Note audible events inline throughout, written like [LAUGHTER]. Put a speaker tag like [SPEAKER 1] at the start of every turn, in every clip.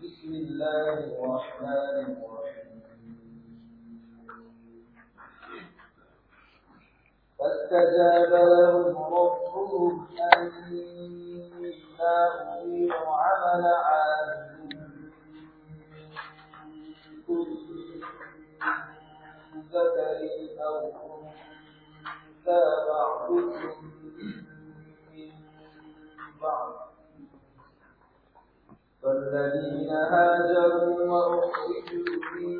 [SPEAKER 1] بسم الله الرحمن الرحيم فاستجاب لهم ربهم أني لا أضيع عمل عامل ذكر أو أنثى بعضكم فالذين هاجروا وأخرجوا من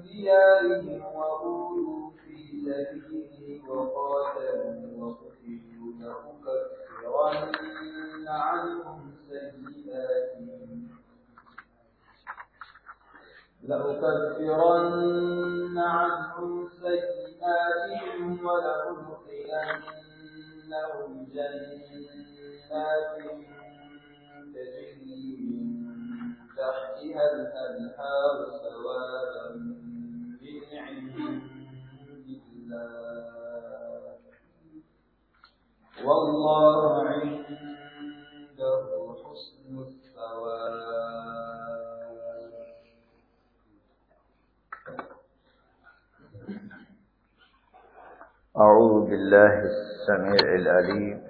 [SPEAKER 1] ديارهم وأولوا في سبيله وقاتلوا وقتلوا لأكفرن عنهم سيئاتهم لأكفرن عنهم سيئاتهم ولأدخلنهم جنات من تحتها الله والله عنده حسن الثواب
[SPEAKER 2] أعوذ بالله السميع العليم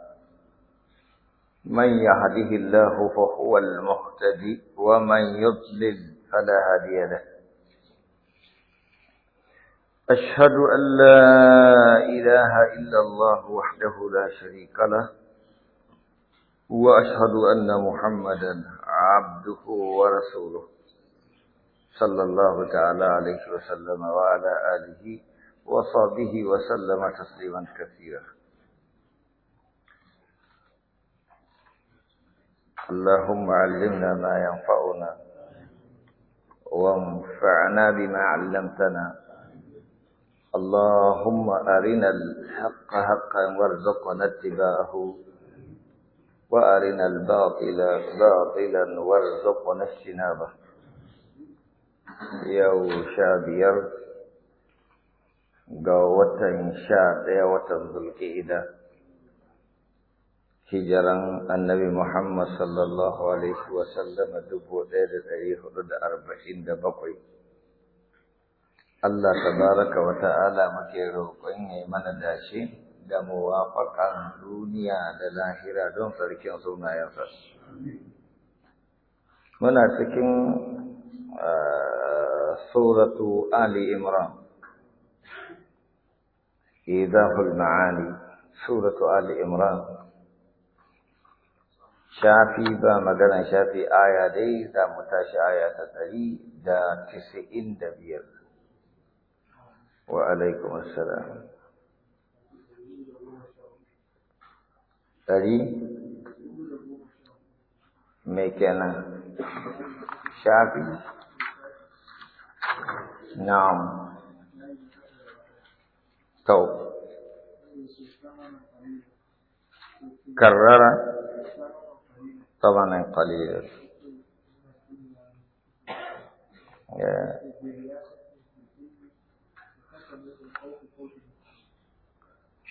[SPEAKER 2] من يهده الله فهو المهتدي ومن يضلل فلا هادي له أشهد أن لا إله إلا الله وحده لا شريك له وأشهد أن محمدا عبده ورسوله صلى الله تعالى عليه وسلم وعلى آله وصحبه وسلم تسليما كثيرا اللهم علمنا ما ينفعنا وانفعنا بما علمتنا اللهم أرنا الحق حقا وارزقنا اتباعه وأرنا الباطل باطلا وارزقنا اجتنابه يا شابير قوة شاطئة watan sha hijiran annabi Muhammad sallallahu alaihi wasallama dubu ɗaya da ɗari da arba'in da bakwai. Allah tabaraka wa ta'ala muke roƙon ya mana dashi da muwafaƙan duniya da lahira don sarkin sunayensa. Muna cikin eh, suratu Ali Imran. إيضاح المعاني Suratu Ali Imran. shafi ba maganan shafi aya dai za mu tashi aya ta ɗari da tisa'in da biyar wa alaikum assalam ɗari mai kenan shafi na'am to karrara ثمنا قليلا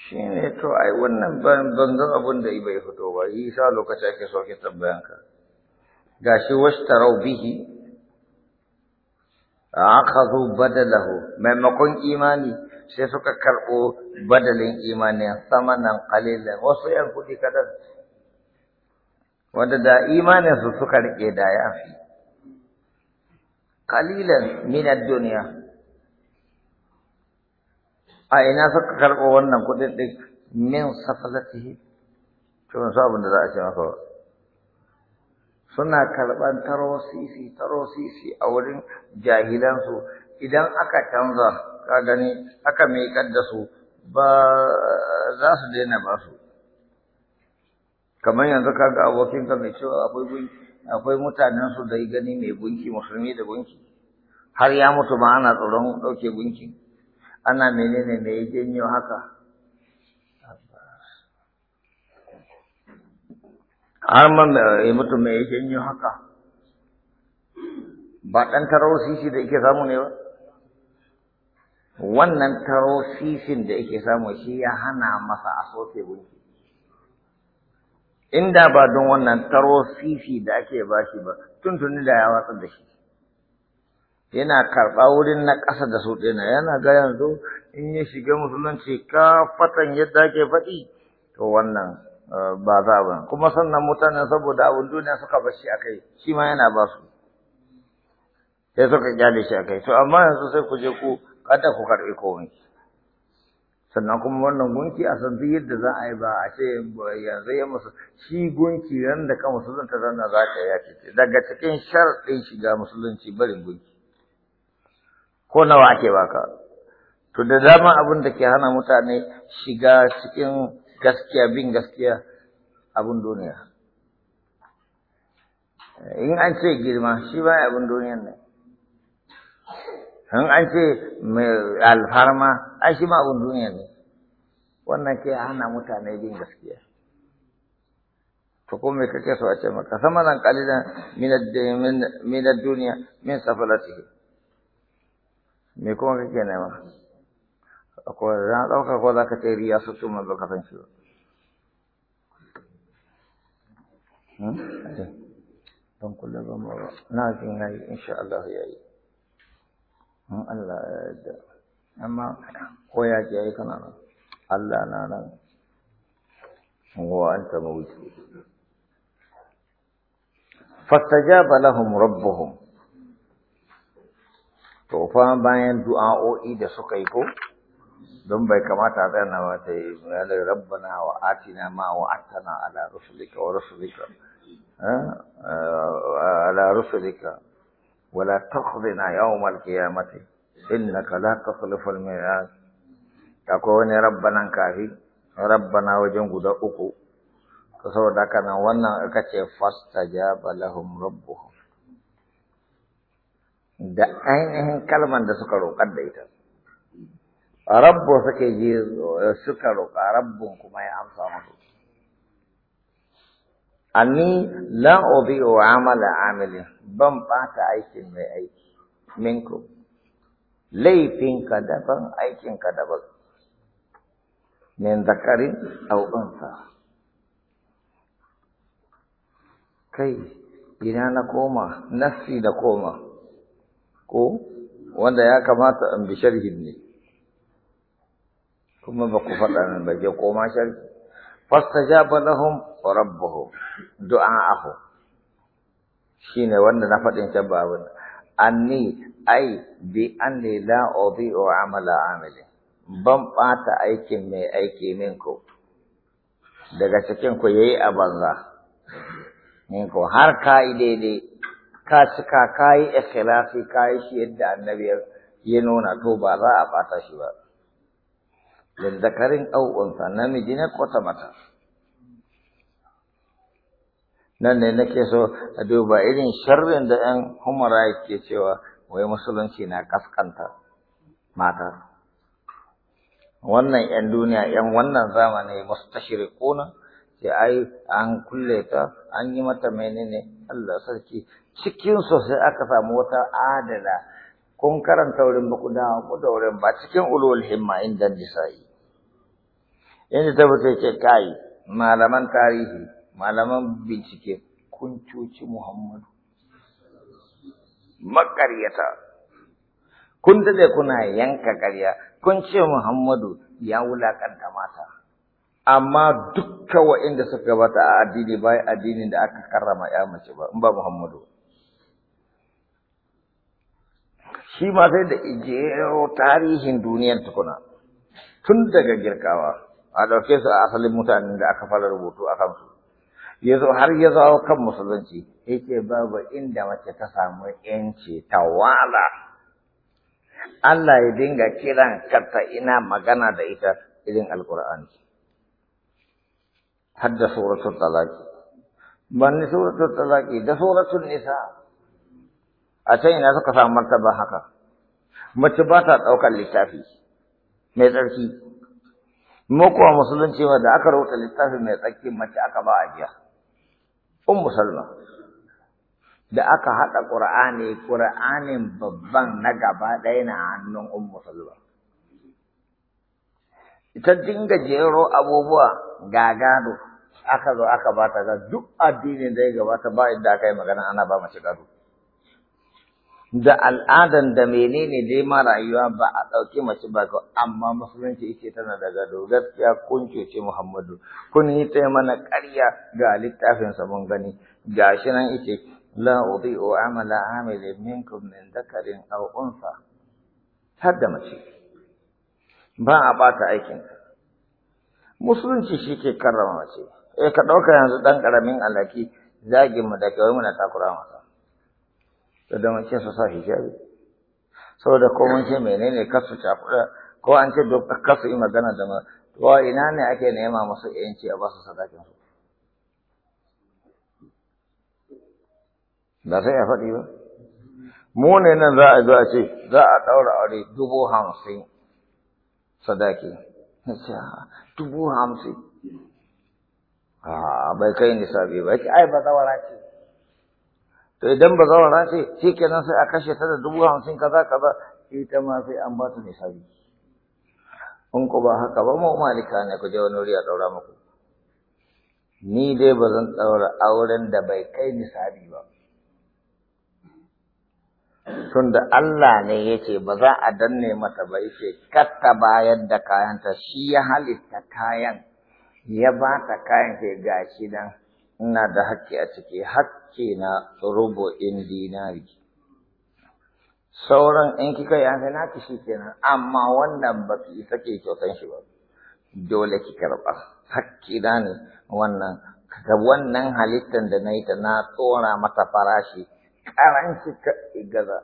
[SPEAKER 2] shi ne to ai wannan ban abin da bai fito ba yi sa lokaci ake soke tambayanka gashi tarau bihi akhadhu badalahu maimakon imani sai suka karɓo badalin imanin samanan qalilan wasu yan kudi kadan wanda da imaninsu suka riƙe da ya fi min minar duniya a ina suka karɓo wannan kuɗin ɗin min safalatihi to ban abin da za a ce maka suna karɓan taro sisi taro sisi a wurin jahilansu idan aka canza ka gani aka mai da ba za su daina ba su kamar yanzu kaga abokinka mai cewa akwai gunki akwai mutanen su da gani mai gunki musulmi da gunki har ya mutu ma ana tsoron ɗauke gunki ana menene me ya janyo haka har ma ya mutu me ya janyo haka ba ɗan taro sisi da yake samu ne ba wannan taro sisin da yake samu shi ya hana masa a soke gunki inda ba don wannan taro sisi da ake bashi ba tuntuni da ya watsar da shi yana karɓa wurin na ƙasa da su ɗina yana ga yanzu in ya shiga musulunci ka fatan yadda ake faɗi to wannan eh, ba za ba kuma sannan mutanen saboda abin duniya suka bar shi akai shi ma yana ba su sai suka kyale shi akai to amma yanzu sai ku je ku kada ku karɓi komai sannan kuma wannan gunki a san duk yadda za a yi ba a ce yanzu ya musu shi gunki ran da ka musulunta zanna za ka ya ce daga cikin sharɗin shiga musulunci barin gunki ko nawa ake baka to da dama abin da ke hana mutane shiga cikin gaskiya bin gaskiya abin duniya in an ce girma shi baya abin duniyan ne in an ce alfarma ai shi ma'un duniya ne wannan ke hana mutane bin gaskiya to ko me kake so a ce maka samanan qalilan min min duniya min min safalatihi me kuma kake nema ko za dauka ko za ka ce riya su tuma ba ka san shi ba hmm? don kullum ba na jin yayi insha Allah yi. Allah ya yarda amma ko ya bayan du'a'o'i da suka yi ko don bai kamata a tsaya ba ta yi na rabbana wa atina ma wa atana ala rusulika wa rusulika eh, eh, ولا تخذنا يوم القيامة إنك لا تخلف الميعاد تكون ربنا كافي ربنا وجنك دا أكو تصور دكنا وانا أكتش فاستجاب لهم ربهم da ainihin كلمة da suka roƙar da ita rabbu suke ji suka roƙa rabbun kuma Ani la o amala amilin ban bata aikin mai aiki minku laifinka daban aikinka daban min zakarin au kai ina na koma nafsi da koma ko wanda ya kamata in bi sharhin ne kuma ba ku faɗa min ba je koma sharhi fastajaba lahum rabbuhu du'a'ahu shine wanda na faɗin can ba abin anni ai bi anni la udhi'u amala amili ban ɓata aikin mai aiki ku daga cikin ku yayi a banza ku har ka yi daidai ka cika ka yi ikhlasi ka yi shi yadda annabi ya nuna to ba za a ɓata shi ba lil zakarin au namiji ne ko mata nan ne nake so a duba irin sharrin da ‘yan humara ke cewa wai musulunci na kaskanta mata. Wannan ‘yan duniya, ‘yan wannan zamani masu tashiri kuna, sai ai an kulle ta, an yi mata menene Allah sarki. cikin sai aka samu wata adala, kun karanta wurin ba ku dawo ku da wurin ba cikin ulul himma inda nisa'i. Inda ta ce kai malaman tarihi malaman bincike kun cuci Muhammadu. Makaryata, kun dade kuna yanka karya, kun ce Muhammadu ya wulakanta mata. Amma dukkan wanda suka gabata a addini ba addinin da aka karrama ya mace ba, in ba Muhammadu. Shi ma sai da ijero tarihin duniyar tukuna, tun daga girkawa, a dauke su a asalin mutanen da aka fara rubutu a kansu. ya zo har ya zawo kan musulunci yake babu inda mace ta samu yanci ta wala Allah ya dinga kiran karta ina magana da ita irin alkur'ani har da suratul talaki ban suratul talaki da suratul nisa a can ina suka samu martaba haka mace ba ta daukar littafi mai tsarki mu kuwa musulunci da aka rubuta littafi mai tsarki mace aka ba a jiya ummu salma da aka haɗa ƙur'ani ƙur'anin babban na gaba ɗaya na hannun ummu salma ita dinga jero abubuwa gagado aka zo aka bata ga duk addinin da ya gabata ba inda aka yi magana ana ba mace gado da al'adan da menene dai ma rayuwa ba a ɗauki mace ba ko amma musulunci yake tana da gado gaskiya kun cuce Muhammadu kun yi ta mana ƙarya ga littafin sa mun gani gashi nan yake la udhi'u amala amilin minkum min dakarin aw unsa har mace ba a bata aikin musulunci shi ke karrama mace eh ka ɗauka yanzu ɗan ƙaramin alaki zagin mu da kawai muna takura masa da mace su sa hijabi saboda ko mun ce menene kasu cakuɗa ko an ce duk kasu yi magana da ma to ina ne ake nema musu yanci a basu sadakin su ba sai a faɗi ba mu ne nan za a zo a ce za a ɗaura aure dubu hamsin sadaki dubu hamsin a bai kai nisabi ba ai ba zawara ce to idan ba na ce shi kenan sai a kashe ta da dubu hamsin kaza kaza ita ma sai an ba ta nisabi in ku ba haka ba mu malika ne ku je wani wuri a ɗaura muku ni dai ba zan ɗaura auren da bai kai nisabi ba tunda Allah ne ya ce ba za a danne mata ba yace katta bayar da kayanta shi ya halitta kayan ya ba ta kayan ke gashi nan ina da hakki a ciki haƙƙi na in dinari sauran in kika yi an na shi kenan amma wannan ba ki isa ke kyautan shi ba dole ki karɓa haƙƙi na ne wannan ka wannan halittar da na yi ta na tsora mata farashi ƙaranci ka gaza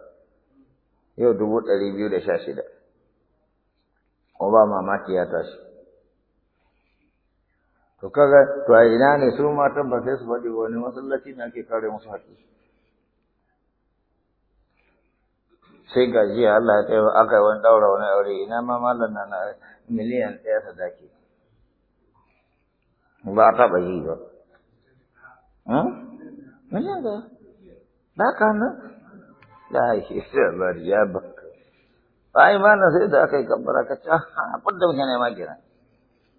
[SPEAKER 2] yau dubu ɗari biyu da sha shida ko ba mamaki ya tashi to kaga to a ina ne su matan ba sai su faɗi wani masallaci ne ake kare musu haƙƙi sai ga jiya Allah ya tsaye aka yi wani ɗaura wani aure ina ma malam na na miliyan ɗaya sadaki ba a taɓa yi ba hmm?
[SPEAKER 1] miliyan ɗaya ba ka nan
[SPEAKER 2] la shi sai ya ba. ba a yi na sai da aka yi kabbara ka ci a ah, abin da muke nema kenan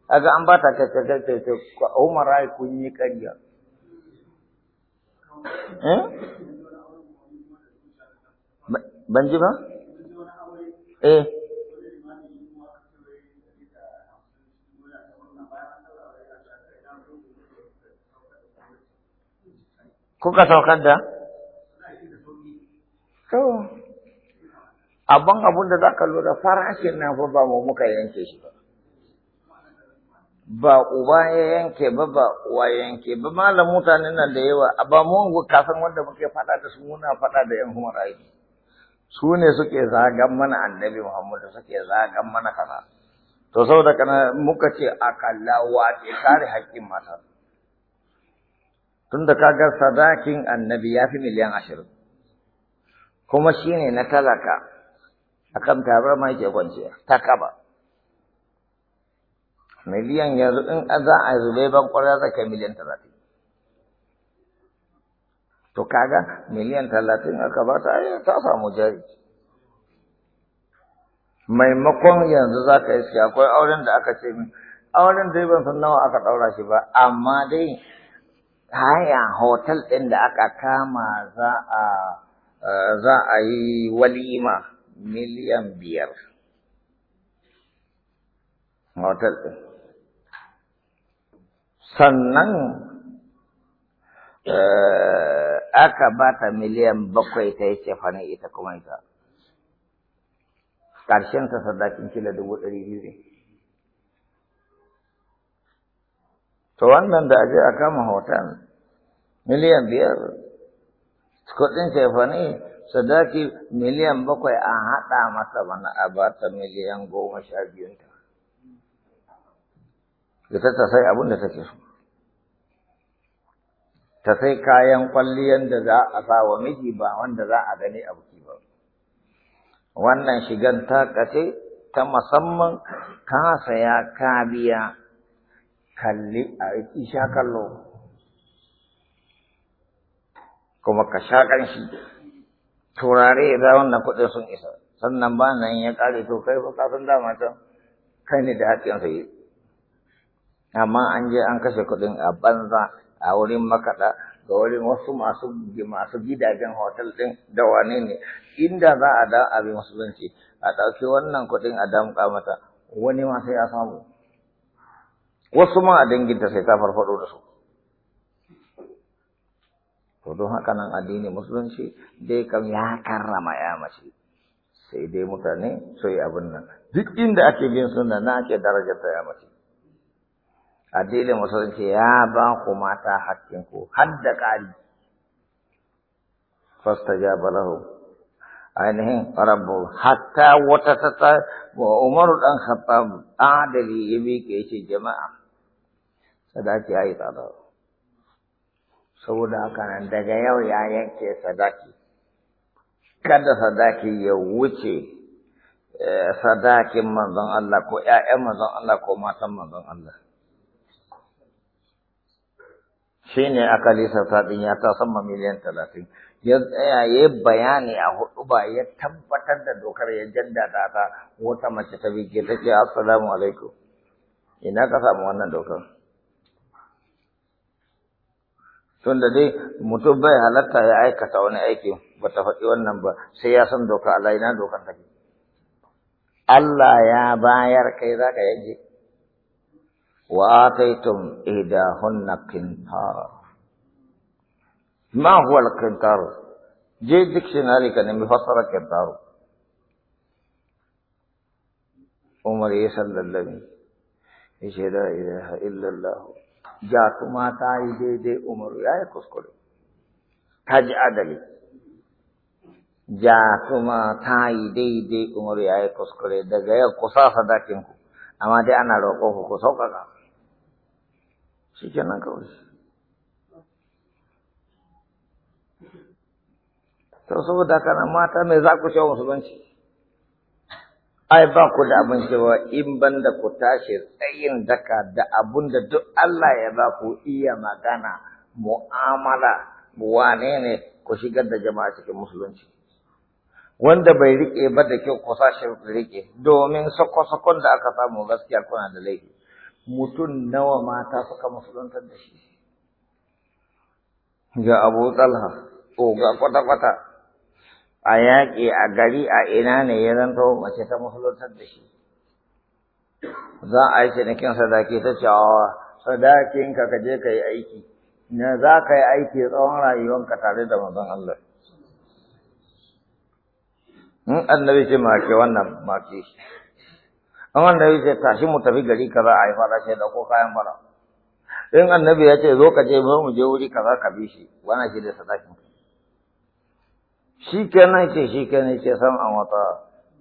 [SPEAKER 2] kaga an ba ta ta ce umar ai kun yi ƙarya eh? ban ji ba eh
[SPEAKER 1] kuka saukar da
[SPEAKER 2] to abin abun da za ka lura farashin nan fa ba mu muka yanke shi ba ba uba ya yanke ba ba uwa ya yanke ba malam mutanen nan da yawa a ba mu kasan wanda muke faɗa da su muna faɗa da yan human su ne suke zagan mana annabi Muhammadu suke zagan mana kaza to saboda kana muka ce akalla ce kare hakkin mata tunda ka ga sadakin annabi ya fi miliyan ashirin kuma shine na talaka akan tabar ma yake kwanciya ta kaba miliyan yanzu in za a zube ban kwarar za kai miliyan talatin to kaga miliyan talatin aka ba ta eh, ta samu jari maimakon yanzu za ka shi akwai auren da aka ce min auren dai ban san nawa aka ɗaura shi ba amma dai haya hotel ɗin da aka kama za a eh, za a yi walima miliyan biyar hotel ɗin sannan eh, aka ba ta miliyan bakwai ta yi cefane ita kuma ita ƙarshen ta sadakin kila dubu ɗari biyu ne to wannan da aje a kama hoton miliyan biyar kuɗin cefane sadaki miliyan bakwai an haɗa masa mana a ba ta miliyan goma sha biyun ta. Ita ta sai abin da take so. ta sai kayan kwalliyan da za a sa wa miji ba wanda za a gani a buki ba wannan shigan ta kace ta musamman ka saya ka biya kalli a isha kallo kuma ka sha shi. turare da wannan kuɗin sun isa sannan ba nan ya ƙare to kai fa kafin dama can kai ne da haƙƙin sai amma an je an kashe kuɗin a banza a wurin makaɗa ga wurin wasu masu masu gidajen hotel ɗin da wane ne inda za a da abin musulunci a ɗauki wannan kuɗin a damƙa mata wani ma sai ya samu wasu ma a danginta sai ta farfaɗo da su to don haka nan addini musulunci dai kam ya karrama ya mace sai dai mutane su yi abin nan duk inda ake bin sunna na ake darajar ta ya mace addinin musulunci ya ba ku mata hakkinku har da ƙari fastajaba lahu ainihin rabbu hatta wata ta wa umaru dan khattab adali ya miƙe ce jama'a sadaki ayi tsada saboda haka nan daga yau ya yanke sadaki kada sadaki ya wuce eh, sadakin manzon Allah ko ƴaƴan manzon Allah ko matan manzon Allah Sai ne aka lissafa ɗin ya ta sama miliyan talatin ya tsaya ya bayani a hudu ba ya tabbatar da dokar ya jaddada ta wata mace ta bige ta ce assalamu alaikum ina ka samu wannan dokar tun da dai mutum bai halatta ya aikata wani aiki ba ta faɗi wannan ba sai ya san doka Allah ina dokar take Allah ya bayar kai za ka yanke wa ataitum ihdahunna kintar ma huwa al-kintar je dictionary kan me fasara kintar umar ye sallallahu ishe la ilaha illa allah ja tuma ta ide de umar ya kus kore taj adali ja tuma ta ide de umar ya kus kore da gaya kusa sada kin আমাদের আনারো কোহ কোথাও কাকা shi kenan kawai sau dah kena mata mereka za ku cewa musulunci ai ba dah da imban dah in banda ku tashi tsayin daka da abun da duk Allah ya ba ku iya magana mu'amala wane ku shigar da jama'a cikin musulunci wanda bai rike ba da kyau ku sashi rike domin sako-sakon da aka samu gaskiya kuna da laifi mutum nawa mata suka musulunta
[SPEAKER 1] da shi ga
[SPEAKER 2] abu talha o ga kwata-kwata a yaƙi a gari a ina ne ya zanto mace ta musulunta da shi za a yi cinikin sadaki ta cewa sadakin ka kaje ka yi aiki na za ka yi aiki tsawon rayuwanka tare da mazan Allah in annabi ce ke wannan make da yake tashi mu tafi gari kaza a yi da sai da ko kayan fara in annabi ya ce zo ka je ba mu je wuri kaza ka bi shi wani shi da sadakin shi kenan ce shi kenan ce san an wata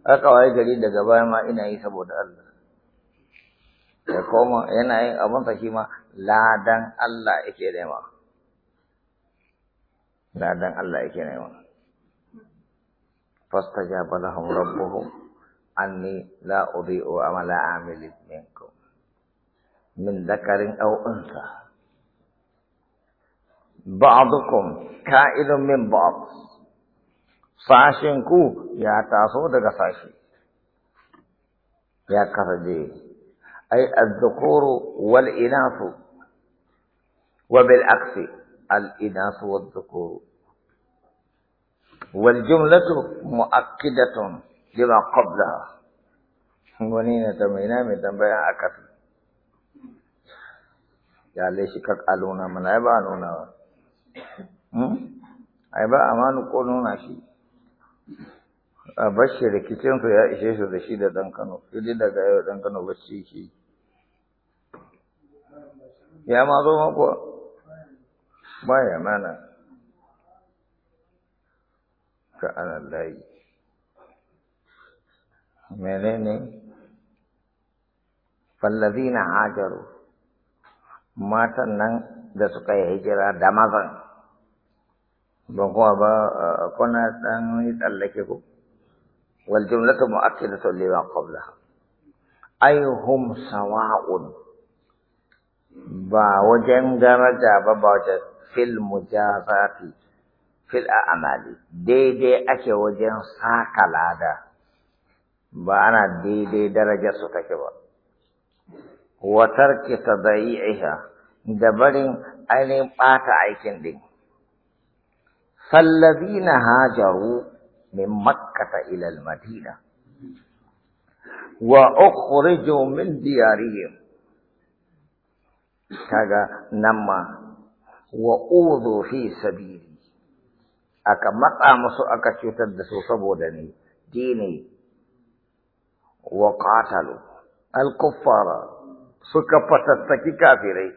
[SPEAKER 2] aka waye gari daga baya ma ina yi saboda Allah ya koma yana yin abin sa shi ma ladan Allah yake nema ladan Allah yake nema fastajaba lahum rabbuhum أني لا أضيء عمل عامل منكم من ذكر أو أنثى بعضكم كائن من بعض ساشنكو يا تاسو دغ ساشي يا كفدي أي الذكور والإناث وبالعكس الإناث والذكور والجملة مؤكدة lima qabla wani ne ta mai na mai tambaya a kafi ya laishi ka nuna mana ya ba a nuna ba hmm? ai ba a ma ko nuna shi a bashi rikicinsu ya ishe su da shi da ɗan kano fili daga yau ɗan kano bashi shi ya ma zo Ba ya mana ka layi menene fallazina hajaru matan nan da suka yi hijira da mazan ban kuma ba eh, kuna dan yi tsallake ku wal jumlatu mu'akkidatu lima qablaha ay hum sawa'un ba wajen daraja ba ba wajen fil mujazati fil a'mali daidai ake wajen saka lada ba ana daidai darajar su take ba wa tarki tadai'iha da barin ainihin ɓata aikin din na hajaru min makkata ila al-madina wa ukhriju min diyarihim kaga nan ma wa udu fi sabili aka matsa musu aka cutar da su saboda ni dini وقاتلوا الكفار سكبت سكفتتك كافرين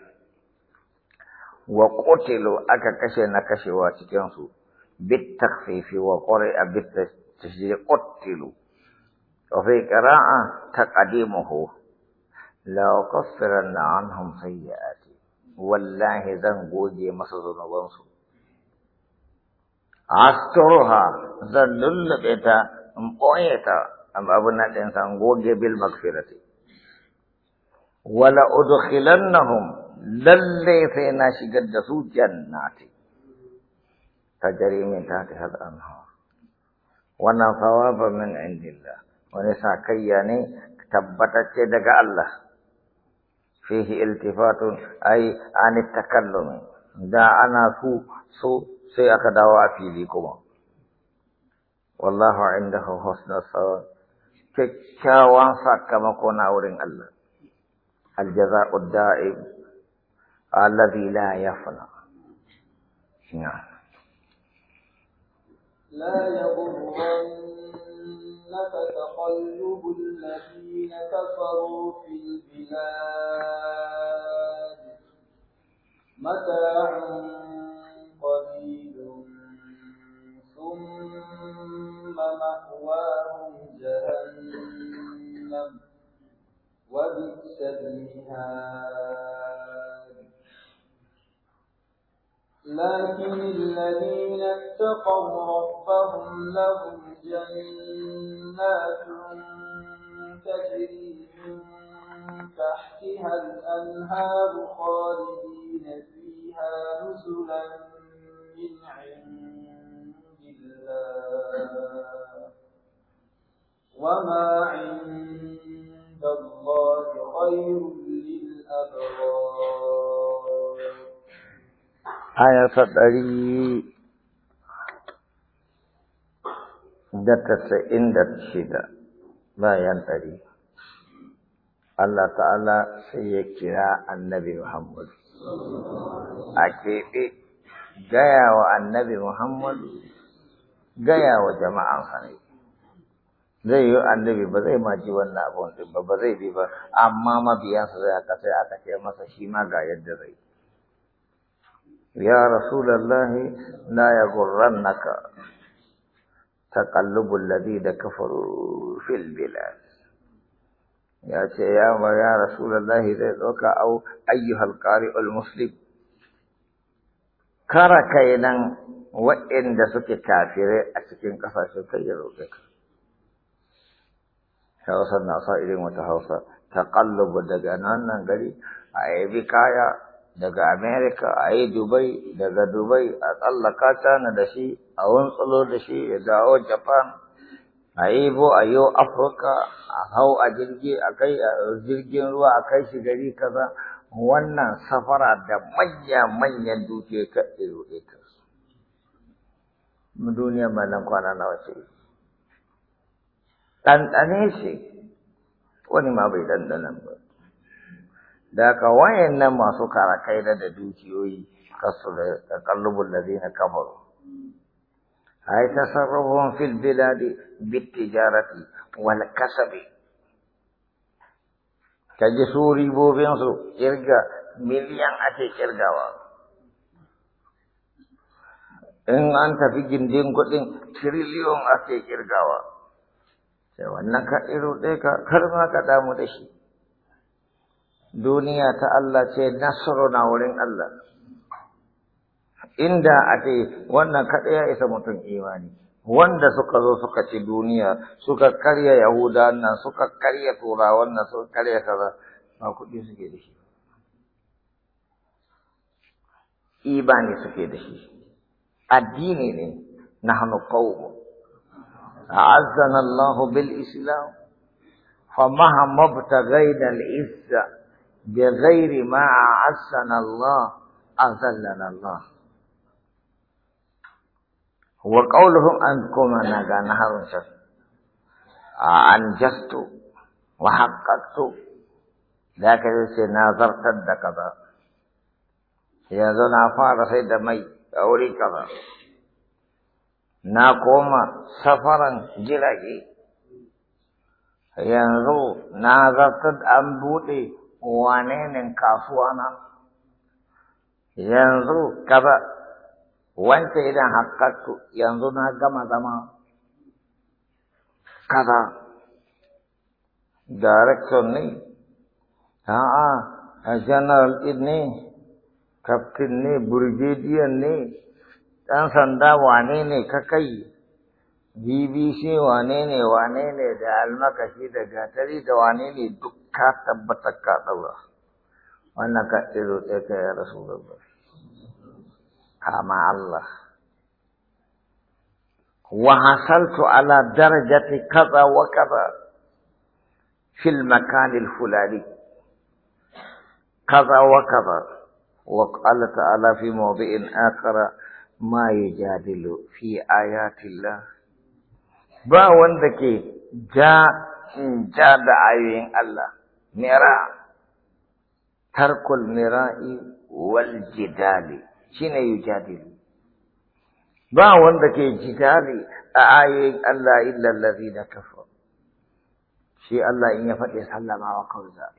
[SPEAKER 2] وقتلوا أكا كشي نكشي واتكنسوا بالتخفيف وقرئ بالتشجير قتلوا وفي قراءة تقديمه لا أكفرن عنهم سيئات والله ذنقودي قودي مسجن عسترها ذنل زن للبئتا مقويتا أم أبنى الإنسان وجه بالمغفرة ولا أدخلنهم للي في ناشي قدسوا جناتي تجري من تحتها الأنهار وانا ثواب من عند الله ونسا كياني تبتت دقاء الله فيه التفات أي عن التكلم دا أنا سو سو سيأخذ وافي لكم والله عنده حسن الصواب kyakkyawan sakamako na wurin Allah aljaza'ud da'im alladhi la yafna na la
[SPEAKER 1] يغرنك تقلب قليل ثم مأواهم جهنم وبئس المهاد لكن الذين اتقوا ربهم لهم جنات تجري من تحتها الأنهار خالدين فيها نزلا من عند الله وما عند الله خير للأبرار
[SPEAKER 2] آية صدري da tasa'in da shida bayan ɗari Allah ta'ala sai ya kira annabi Muhammad a keɓe gaya wa annabi Muhammad gaya wa jama'an ne zai yi annabi ba zai ma ji wannan abun din ba ba zai bi ba amma mabiyansa sai aka sai aka ce masa shi ma ga yadda zai ya rasulullahi la yaghurrannaka taqallubul da kafaru fil bilad ya ce ya ma ya zai doka au ayyuhal qari'ul muslim kara kai nan waɗanda suke kafirai a cikin ƙasashen kai ya roƙe Hausar na sa irin wata hausa Ta ba daga nan nan gari a yabi kaya daga Amerika, a yi dubai daga dubai a tsallaka na da shi a wuntsalo da shi ya dawo japan a yi bo a yi afirka a hau a jirgi a kai a jirgin ruwa a kai shi gari kaza wannan safara da manya-manyan dukiya ka ɗaya Duniya duniya nan kwana na wace ɗanɗane shi wani ma bai ɗanɗana ba da wayan nan masu karakai da dukiyoyi kasu da kallubun da zai na kamaru a yi tasarrufin fil bitti bittijarati wani kasabe. ka ji su ribobinsu kirga miliyan ake kirgawa in an tafi gindin kuɗin
[SPEAKER 1] tiriliyon ake kirgawa
[SPEAKER 2] sai wannan ka iro ɗaya ka kar ka damu da shi duniya ta Allah ce nasaru na wurin Allah inda a ce wannan kaɗai ya isa mutum imani wanda suka zo suka ci duniya suka karya yahuda nan suka karya turawan nan suka karya kaza ba kuɗi suke da shi imani suke da shi addini ne hannu qawmun أعزنا الله بالإسلام فمهما ابتغينا العزة بغير ما أعزنا الله أذلنا الله وقولهم أنكم أنا نهر أنجزت وحققت لكن قد كذا يا ذو فارس سيد أوري كذا na koma safaran jirage yanzu na zartar an buɗe ne kasuwa na yanzu kaza wance idan haƙaƙƙu yanzu na gama zama kaza direction ne a'a general ne captain ne brigadier ne ɗan sanda wane ne ka kai BBC wane ne wane ne da almakashi da gatari da wane ne duk ka tabbatar ka ɗaura wannan ka ɗiro ɗaya ka ya rasu gaba kama Allah wa hasaltu ala darajati kaza wa kaza fil makanil fulani kaza wa kaza وقال تعالى في موضع آخر ma ya jadilu fi ayatillah ba wanda ke ja in ja da ayoyin Allah mira tarkul mira'i wal jidali shine yujadilu ba wanda ke jidali a ayoyin Allah illa allazina kafaru shi Allah in ya faɗi sallamawa kawai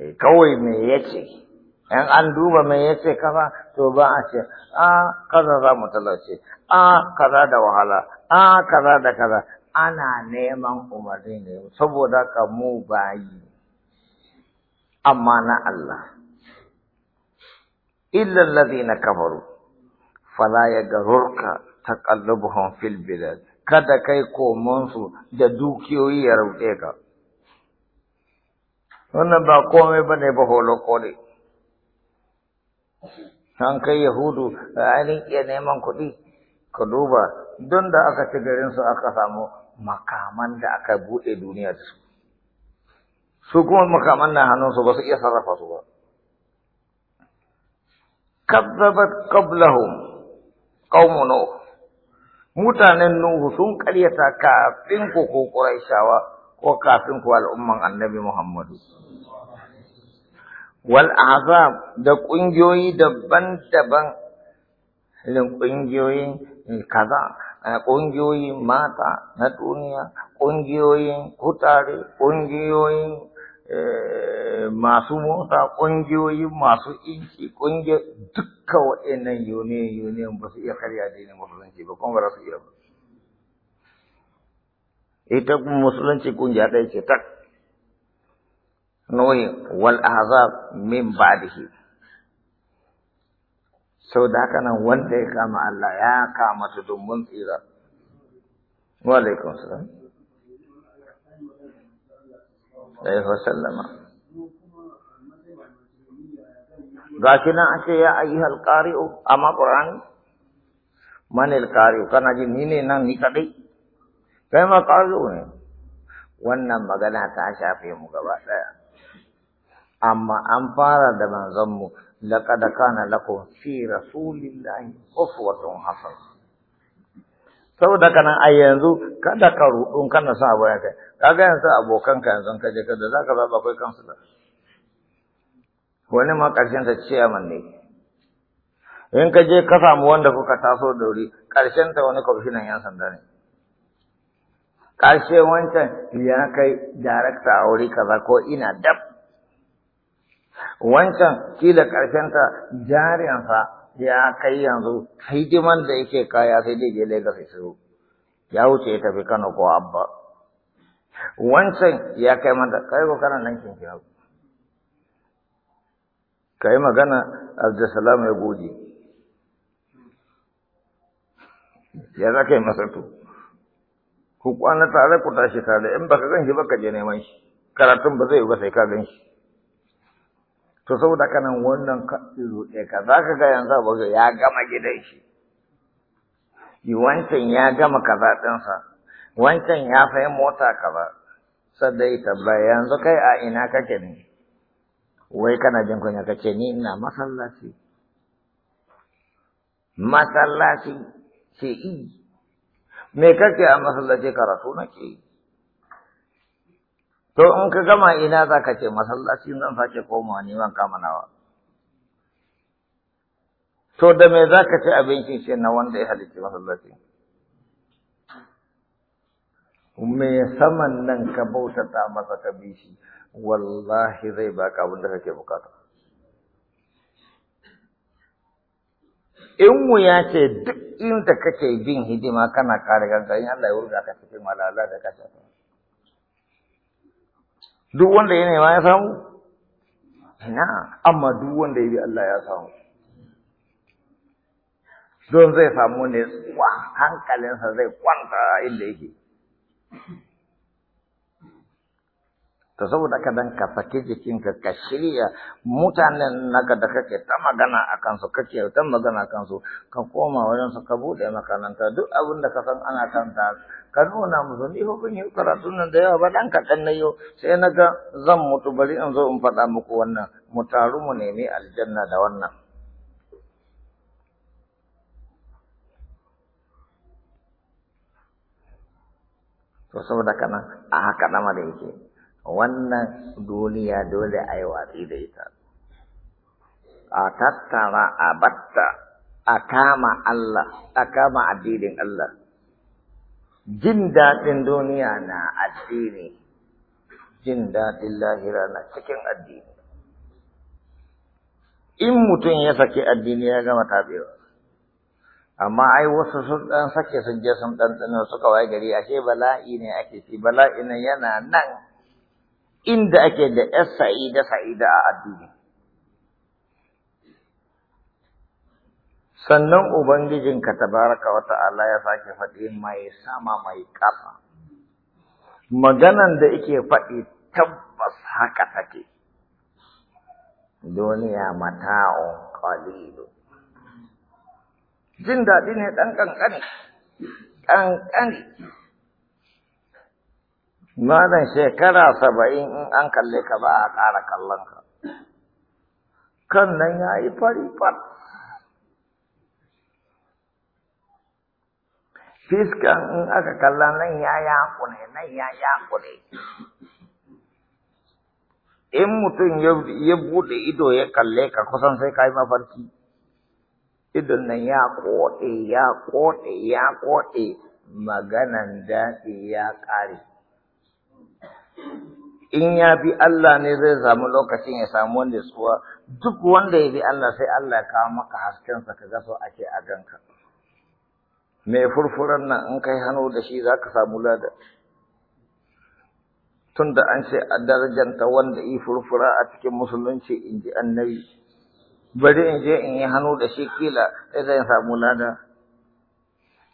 [SPEAKER 2] eh, kawai me yace in an duba mai ya ce kaza to ba a ce a kaza za mu talauce a kaza da wahala a kaza da kaza ana neman umarni ne saboda ka mu bayi amma na Allah illa na kafaru fala ya yaghurka taqallubuhum fil bilad kada kai komonsu da dukiyoyi ya rauke ka wannan ba komai bane ba holokoli an kai yahudu a ainihin iya neman kuɗi ka duba don da aka ci su aka samu makaman da aka buɗe duniya da su su kuma makaman na hannunsu ba su iya sarrafa su ba kazzabat qablahum qaumu nuh mutanen nuhu sun karyata kafin ku ko quraishawa ko kafin ku al'umman annabi muhammadu wal azab da ƙungiyoyi daban-daban irin ƙungiyoyin kaza ƙungiyoyin mata na duniya ƙungiyoyin kutare ƙungiyoyin eh, masu mota ƙungiyoyin masu inci ƙungiyoyi dukkan waɗannan union union ba su iya karya daina musulunci ba kuma ba su iya ba ita musulunci ƙungiya ɗaya ce tak نوح والأحزاب من بعده sau da haka nan wanda ya kama Allah ya kama ta
[SPEAKER 1] domin tsira.
[SPEAKER 2] Wa alaikum salam.
[SPEAKER 1] Alaihi wasallama.
[SPEAKER 2] Ga shi nan an ce ya ayi halƙari'u amma Qur'ani? Manil ƙari'u kana ji ni ne nan ni kaɗai? Kai ma ƙari'u ne. Wannan magana ta shafe mu gaba ɗaya. amma an fara da manzanmu لقد كان لكم في رسول الله أسوة saboda kana a yanzu kada ka ruɗu kana sa abokan kai kaga yanzu abokan ka yanzu kaje ka da zaka zaba kai kansu da wani ma karshen ta ciyaman ne in ka je ka samu wanda kuka taso da wuri karshen ta wani nan yan sanda ne karshe wancan ya kai darakta a wuri kaza ko ina dab wancan kila ƙarshenta jarinsa ya kai yanzu hidiman da yake kaya sai dai je Lagos ya siyo ya wuce ya tafi Kano ko Abba wancan ya kai mata kai ko kana nan kinkin kai magana Abdulsalam ya gode ya za yi masa to ku kwana tare ku tashi tare in baka gan shi baka je neman shi karatun ba zai yi ba sai ka gan shi to saboda kanan wannan kaɗiru ɗaya ka za ka ga yanzu ba ya gama gidan shi wancan ya gama kaza ɗinsa wancan ya sayi mota kaza sadda ita yanzu kai a ina kake ne wai kana jin kunya kace ni ina masallaci masallaci ce i me kake a masallaci karatu nake yi To in ka gama ina za ka ce masallaci zan sake komawa neman kamanawa. To da me za ka ce abincin shi na wanda ya halicci masallaci? Me saman nan ka bautata masa ka bi wallahi zai baka abin da kake bukata. In mu ya ce duk inda kake bin hidima kana kare gangan Allah ya wurga ka cikin malala da ka duk wanda ya nema ya samu Na, amma duk wanda ya bi Allah ya samu don zai samu ne wa hankalinsa zai kwanta inda yake to saboda ka dan ka saki jikinka ka shirya mutanen naka da kake ta magana a kansu kake ta magana a kansu ka koma wajen su ka bude makaranta duk abin da ka san ana kanta ka nuna musu ni hukun yi karatu nan da yawa ba dan ka na yau sai na ga zan mutu bari in zo in faɗa muku wannan mu taru mu nemi aljanna da wannan to saboda kana a haka da yake wannan duniya dole a yi watsi da ita a tattara a batta a kama Allah a kama addinin Allah jin daɗin duniya na addini jin daɗin lahira na cikin addini in mutum ya saki addini ya gama tabewa amma ai wasu sun ɗan sake sun je sun ɗanɗano suka waye gari ashe bala'i ne ake ci bala'i ne yana nan inda ake da ‘yar sa'ida sa'ida a addini. Sannan Ubangijinka tabaraka wa ta'ala ya sake faɗi mai sama mai ƙasa. Maganan da ike faɗi tabbas haka take. Duniya mata'un ƙalilu. Jin daɗi ne ɗan ƙanƙani, ƙanƙani. Malam shekara saba'in in an kalle ka ba a ƙara kallon ka. Kan nan ya yi fari fat. Fiskan in aka kalla nan ya yakune, nan ya yakune. In mutum ya buɗe ido ya kalle ka kusan sai ka yi mafarki. Idon nan ya koɗe, ya koɗe, ya koɗe, maganan daɗi ya ƙare. in ya bi Allah ne zai samu lokacin ya samu wanda suwa duk wanda ya bi Allah sai Allah ya kawo maka haskensa ka ga so ake a ganka mai furfuran nan in kai hannu da shi za ka samu lada tunda an ce a darajanta wanda yi furfura a cikin musulunci in ji annabi bari in je in yi hannu da shi kila sai zai samu lada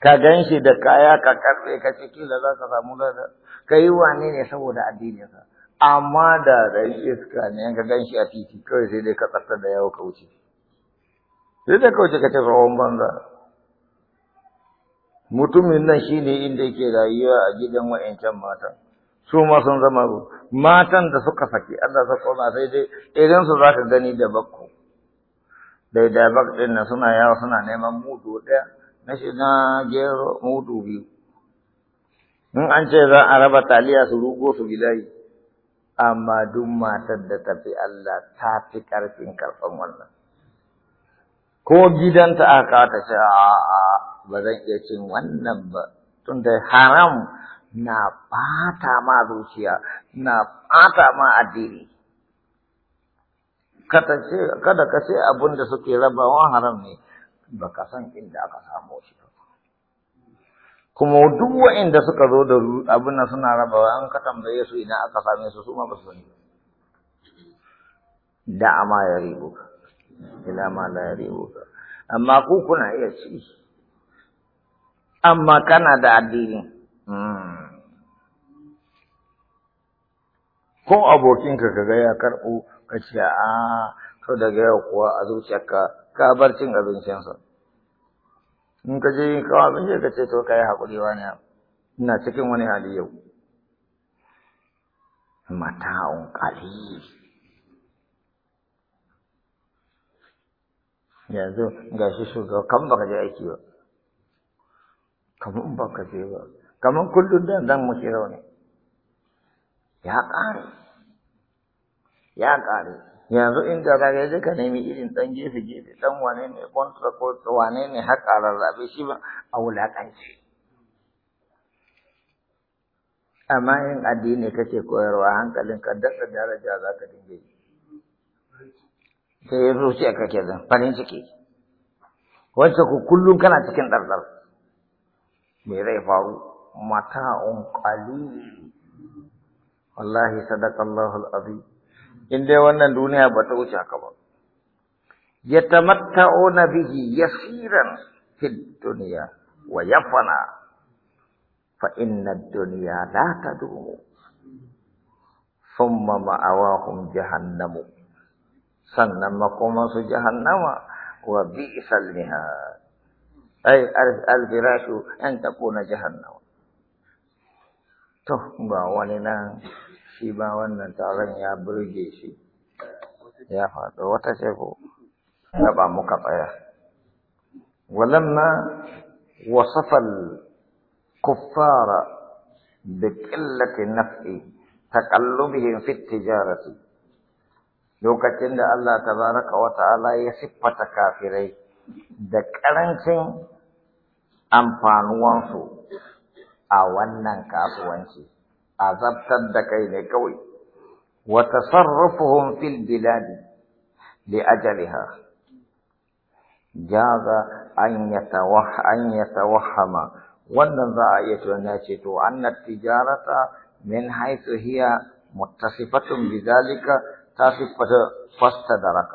[SPEAKER 1] ka gan shi da kaya ka karfe
[SPEAKER 2] ka ce kila za ka samu lada ka yi wane ne saboda addininsa amma da rai iska ne ka gan shi a titi kawai sai dai ka tsaftar da yawo ka wuce sai dai ka wuce ka ce tsohon banza mutumin nan shi ne inda yake rayuwa a gidan wa'ancan mata su ma sun zama ru matan da suka saki an da sa kona sai dai idan su zaka gani da bakko da da bak din nan suna yawa suna neman mudu daya na shi na gero mudu biyu in an ce za a raba taliya su rugo su bilayi amma duk matar da tafi Allah ta fi ƙarfin karfan wannan ko gidanta aka ta ce a'a ba zan iya cin wannan ba tun da haram na ɓata ma zuciya na ɓata ma addini kada ka ce abin da suke rabawa haram ne baka san inda aka samu shi ba kuma duk wa'inda suka zo da abin nan suna rabawa an ka tambaye su ina aka same su su ma ba su sani da ama ya ribu ila ma la ribu amma ku kuna iya ci amma kana da addini hmm. ko abokinka ka ga ya karɓo ka ce a to daga yau kuwa a zuciyarka ka bar cin abincinsa in ka je kawo abinci ka ce to ka yi haƙuri wani ina cikin wani hali yau mata'un qalil yanzu ga shi shugaba kan baka je aiki ba kaman baka je ba kaman kullum dan zan muke zaune ya ƙare ya ƙare yanzu inda ka ga ka nemi irin dan gefe gefe dan wane ne kontra ko wane ne haka rarrabe shi ba a wulakanci amma in addini kake koyarwa hankalin ka daɗa daraja za ka dinga yi sai zuciya kake zan farin ciki wacce ku kullum kana cikin ɗarɗar me zai faru mata'un qalil wallahi sadaqallahu al-azim in dai wannan duniya ba ta wuce haka ba yatamatta'una bihi yasiran fid dunya wa yafana fa inna ad-dunya la tadumu thumma ma'awahum jahannamu sannan makoman su jahannama wa bi'sal mihad ay al-firashu an takuna jahannama to ba wani nan shi ba wannan taron ya burge shi ya faɗo wata ce ko gaba muka tsaya walamma wasafal kuffara bi qillati naf'i taqallubihim fi tijarati lokacin da Allah tabaraka wa ta'ala ya siffata kafirai da ƙarancin amfanuwansu a wannan kasuwanci عذاب تدكي لكوي وتصرفهم في البلاد لأجلها جاز أن يتوح أن يتوهم والنظاء يتناشط آية أن التجارة من حيث هي متصفة بذلك تصفة فاستدرك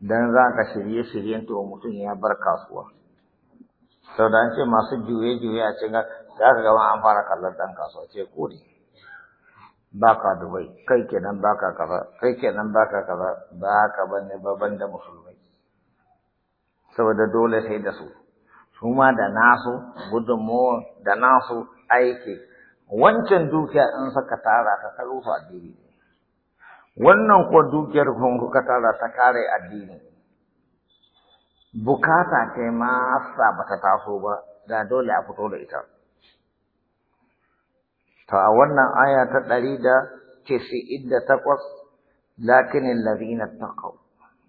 [SPEAKER 2] dan zaka shirye shiryen to mutun ya barka suwa sau da an za ka gama an fara kallon ɗan kasuwa ce ko baka dubai kai kenan baka kaza kai kenan baka kaza ka bane baban da musulmai saboda dole sai da su su ma da nasu gudunmuwa da nasu aiki wancan dukiya in saka tara ta karo su addini wannan kuwa dukiyar kun kuka tara ta kare addini bukata ce ma ba ta taso ba da dole a fito da ita To a wannan aya ta ɗari da casa'in da takwas, lakinin lazina taqaw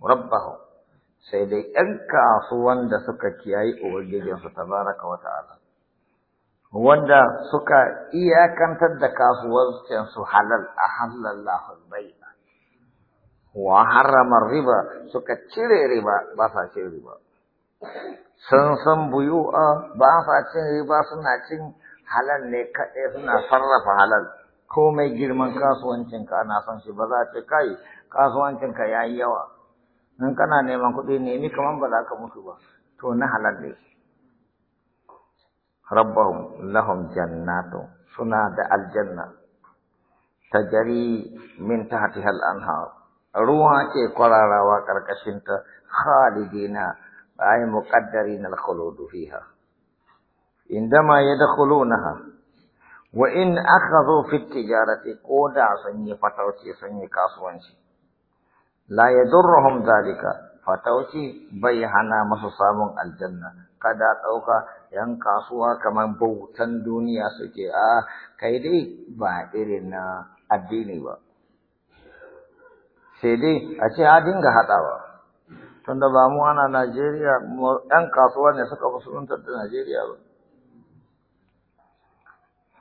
[SPEAKER 2] rabbahu sai dai ‘yan kasuwan da suka kiyaye Ubangijinsu tabaraka wata ala, wanda suka iyakantar da kasuwancinsu halal a halar bai wa haramar riba suka cire riba ba sa cin riba. Sun san buyu'a ba sa cin riba suna cin halal ne kaɗai suna sarrafa halal komai girman kasuwancinka ana son shi ba za a ce kai kasuwancinka ya yi yawa in kana neman kuɗi nemi kamar ba za ka mutu ba to na halal ne rabbahum lahum jannatu suna da aljanna tajari min tahtiha al-anhar ruwa ke kwararawa karkashin ta khalidina ay muqaddarin al-khulud fiha indama yadkhulunaha wa in akhadhu fi tijarati koda sun yi fatauci sun yi kasuwanci la yadurruhum dalika fatauci bai hana masu samun aljanna kada ɗauka yan kasuwa kamar bautan duniya suke a kai dai ba irin na addini ba sai dai a ce a dinga haɗawa tunda ba mu ana Najeriya yan kasuwa ne suka musulunta da Najeriya ba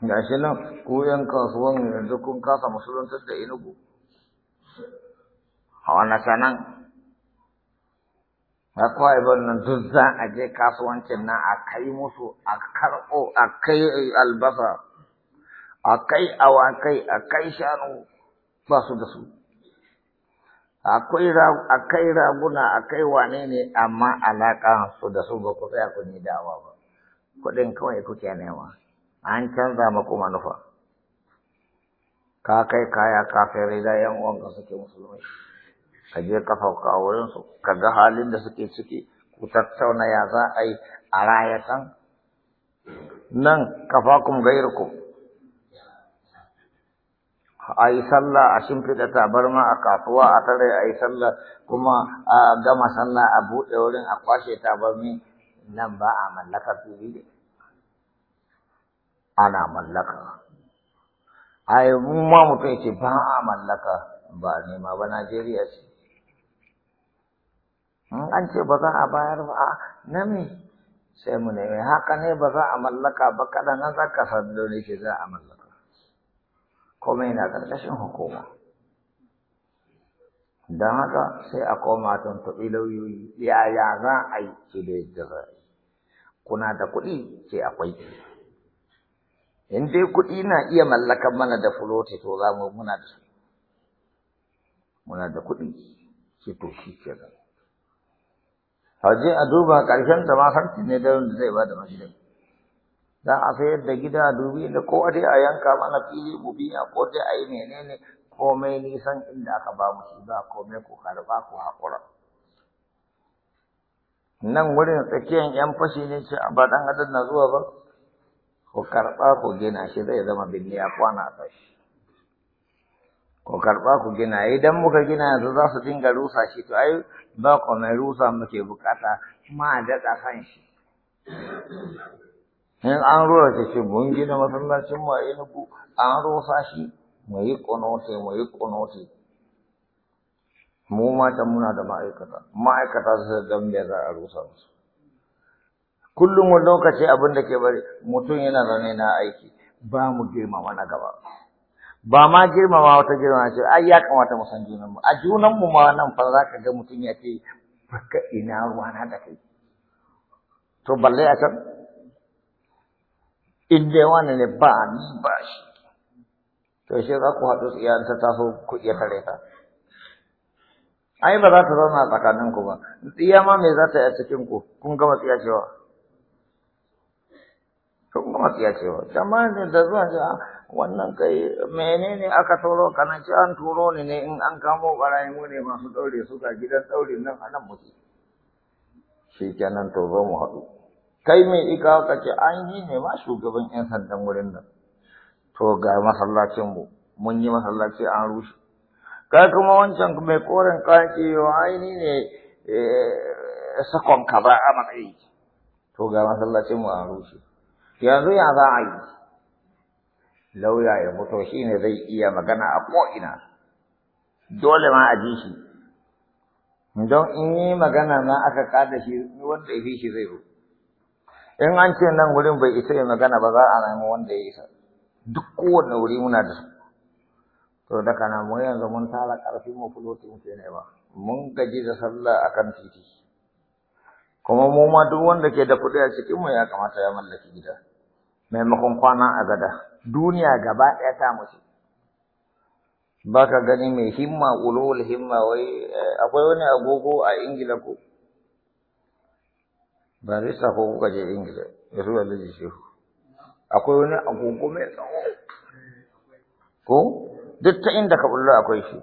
[SPEAKER 2] shi nan ko yan kasuwan yanzu kun kasa musuluntar da inugu A wani sanan akwai ban nan duk za a je kasuwancin nan a kai musu a karɓo a kai albasa a kai awakai a kai shanu ba su da su a kai raguna a kai wane ne amma alaƙa su da su ba ku tsaya ku ne dawa ba kuɗin kawai kuke nema an canza maku manufa ka kai kaya kafirai rida yan uwanka suke musulmai ka je ka fauka wurin su ka ga halin da suke ciki ku tattauna ya za a yi a rayatan nan kum gairku a yi sallah a shimfiɗa tabarma a kasuwa a tare a yi sallah kuma a gama sallah a buɗe wurin a kwashe tabarmi nan ba a mallakar fili ana mallaka ai ma mutum ce ba a mallaka ba nema ba Najeriya ce in an ce ba za a bayar ba na me sai mu nemi haka ne ba za a mallaka ba kada na za ka san dole ke za a mallaka kuma yana ƙarƙashin hukuma don haka sai a koma tuntuɓi lauyoyi yaya za a yi ce da yadda kuna da kuɗi ce akwai in dai kuɗi na iya mallakan mana da fulote to za mu muna da su muna da kuɗi ce to shi ke da. haje a duba ƙarshen da ma ne da wanda zai ba da za a sayar da gida a dubi da ko dai a yanka mana fili mu biya ko dai a yi menene komai nisan inda aka ba mu shi ba komai ku karɓa ku haƙura nan wurin tsakiyan yan fashi ne ce a ba ɗan adan na zuwa ba ku karɓa ku gina shi zai zama binni ya kwana a tashi ku karɓa ku gina idan muka gina yanzu za su dinga rusa shi to ai ba ku mai rusa muke bukata ma daɗa kan shi in an rura ta ce mun gina masallacin mu a inugu an rusa shi mu yi ƙunote mu yi ƙunote mu mata muna da ma'aikata ma'aikata su da dambe za a rusa musu kullum wani lokaci abin da ke bari mutum yana rane na aiki ba mu girmama na gaba ba ma girmama wata girmama ce ai ya kamata mu san junanmu a junanmu ma nan fa za ka ga mutum ya ce baka ina ruwana da kai to balle a can in dai wani ne ba ni ba shi to shi za ku haɗu tsiya ta taso ku iya tare ta ai ba za ta zauna a tsakaninku ba tsiya ma me za ta yi a cikinku? kun gama tsiya cewa sun kuma tsiya cewa ne da zuwa ce wannan kai menene aka turo kana ce an turo ni ne in an kamo barayin mu ne masu daure suka gidan daure nan a nan muke shi kenan to zo mu haɗu kai mai ika ka ce an yi ne ma shugaban yan sandan wurin nan to ga masallacin mu mun yi masallaci an rushe kai kuma wancan mai koren kayan cewa aini ne eh, sakon kaza a matsayi to ga masallacin mu an rushe yanzu ya za a yi lauya ya mutu shi ne zai iya magana a ko'ina dole ma a ji shi don in yi magana na aka kada shi
[SPEAKER 1] wanda ya fi shi zai zo
[SPEAKER 2] in an ce nan wurin bai isa ya magana ba za a nemi wanda ya isa duk kowane wuri muna da su to da kana mu yanzu mun tara karfi mu fulotin ce ne ba mun gaji da sallah akan titi kuma mu ma duk wanda ke da kuɗi a cikin mu ya kamata ya mallaki gida maimakon kwana a gada duniya gaba ɗaya ta mace ba ka gani mai himma ulul himma wai eh, akwai wani agogo a ingila ko ba zai sa ko kuka je ingila ya zuwa da jishe akwai wani agogo mai tsawo ko duk ta inda ka bullo akwai shi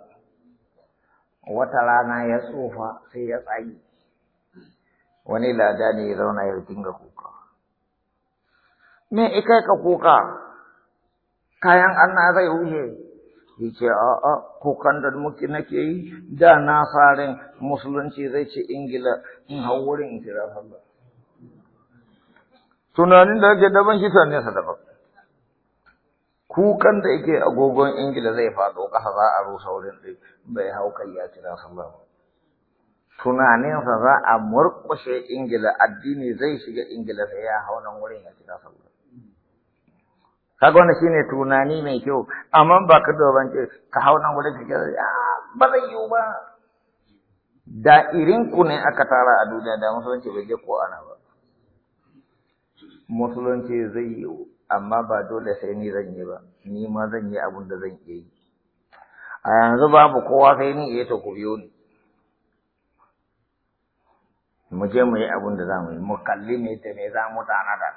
[SPEAKER 2] wata rana ya tsofa sai ya tsayi wani lada ne ya zauna ya dinga kuka me ikai ka kuka kayan Allah zai wuce yace a a kukan da muke nake yi da na farin musulunci zai ce ingila in hau wurin in kira sallah tunanin da yake daban shi tunanin sa daban kukan da yake agogon ingila zai faɗo ƙasa za a rusa wurin ɗin bai hau kai ya kira sallah ba tunaninsa za a murkushe ingila addini zai shiga ingila sai ya hau nan wurin ya kira sallah kaga wannan shine tunani mai kyau amma ba ka ce ka hau nan kike ya ah,
[SPEAKER 1] ba zai yiwu ba
[SPEAKER 2] da irin ku ne aka tara a duniya da musulunci bai je ko ana ba musulunci zai yiwu amma ba dole sai ni zan yi ba ni ma zan yi abin da zan iya yi a yanzu babu kowa sai ni iya eh to ku biyo ni mu je mu yi abin da za mu yi mu kalli me ta me za mu tanada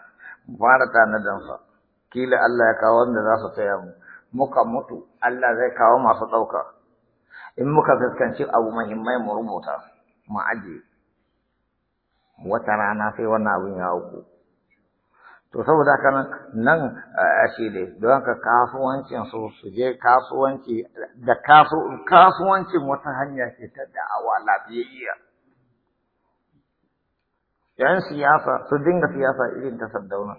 [SPEAKER 2] mu fara tanadansa kila Allah ya kawo wanda za su taya mu muka mutu Allah zai kawo masu ɗauka in muka fuskanci abu muhimmai mu rubuta mu aje wata rana sai wannan abin ya hauku. to saboda haka nan nan a shi ne don haka kasuwancin su su je kasuwanci da kasuwancin wata hanya ce ta da'awa lafiyayya yan siyasa su dinga siyasa irin ta saddauna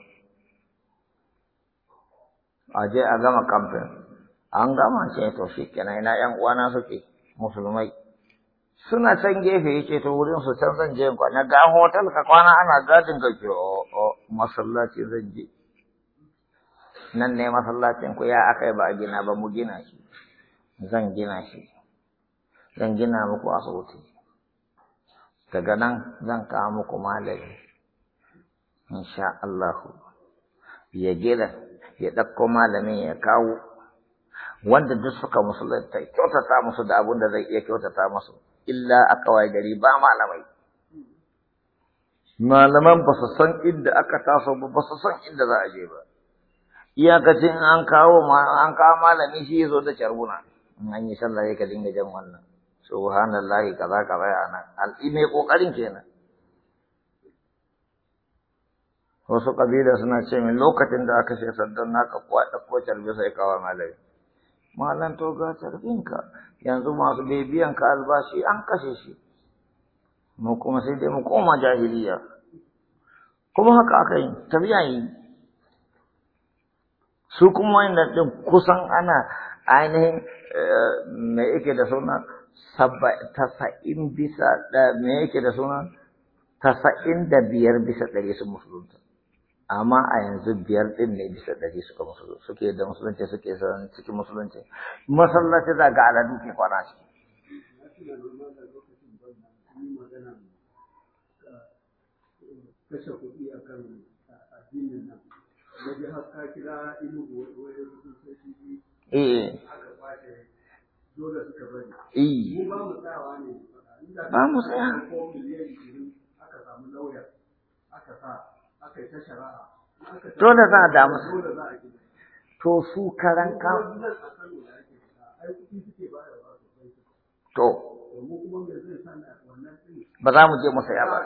[SPEAKER 2] aje je a gama kamfen an gama ce to shi kenan ina yan uwana suke musulmai suna can gefe yake to wurin su can zan je kwana ga hotel ka kwana ana gadin ka ke o oh, oh, masallaci zan je nan ne masallacin ku ya akai ba a gina ba mu gina shi zan gina shi zan gina muku asibiti daga nan zan kawo muku malami insha Allah ya gina ya ɗauko malamin ya kawo wanda duk suka musulunta kyautata musu da abin da zai iya kyautata musu illa a kawai gari ba malamai malaman ba su san inda aka taso ba ba su san inda za a je ba iyakacin an kawo an kawo malami shi ya zo da carbuna in an yi sallah sai ka dinga jan wannan subhanallahi kaza kaza ana al'ime kokarin kenan wasu ƙabila suna ce min lokacin da aka ce sandan naka kuwa ɗauko carbi sai kawo malami malam to ga carbinka yanzu masu bibiyan ka albashi an kashe shi mu kuma sai dai mu koma jahiliya kuma haka aka yi tafiya yi su kuma wayannan ɗin kusan ana ainihin eh, me yake da suna tasa'in bisa me yake da suna tasa'in da biyar bisa ɗari sun musulunta amma a yanzu biyar din ne bisa ɗari suka musulunci suke da musulunci suke san cikin musulunci masallaci za ga aladu ke kwana shi
[SPEAKER 1] mu ba mu ne ba mu tsaya aka samu lauya aka sa Dole za a damu su. To su karan ka. To. Ba za mu je mu saya ba.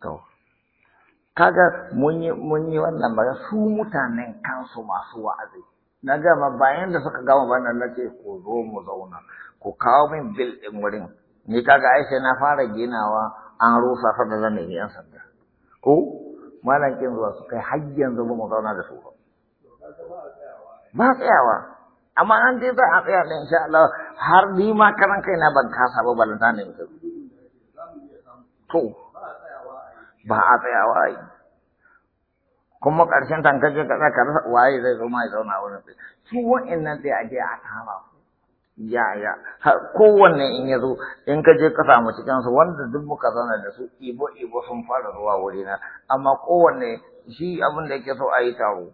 [SPEAKER 1] To.
[SPEAKER 2] Kaga mun yi wannan ba su mutanen kansu masu wa'azi. na gama bayan da suka gama bana na ce ku zo mu zauna ku kawo min bil ɗin wurin ni kaga aisha na fara ginawa an rusa fa da zan yi yan sanda ko malam kin zuwa su kai har yanzu ba mu zauna da su ba
[SPEAKER 1] ba tsayawa
[SPEAKER 2] amma an dai za a tsaya da insha Allah har ni ma karan kai na ban kasa ba balanta ne to ba a tsayawa ai kuma ƙarshen tankace ka ka rasa waye zai zo ma ya zauna wurin sai su wa'annan nan a je a kama ku ya ya kowanne in ya zo in ka je ka samu cikin su wanda duk muka zauna da su ibo ibo sun fara zuwa wurina amma kowanne shi abin da yake so a yi taro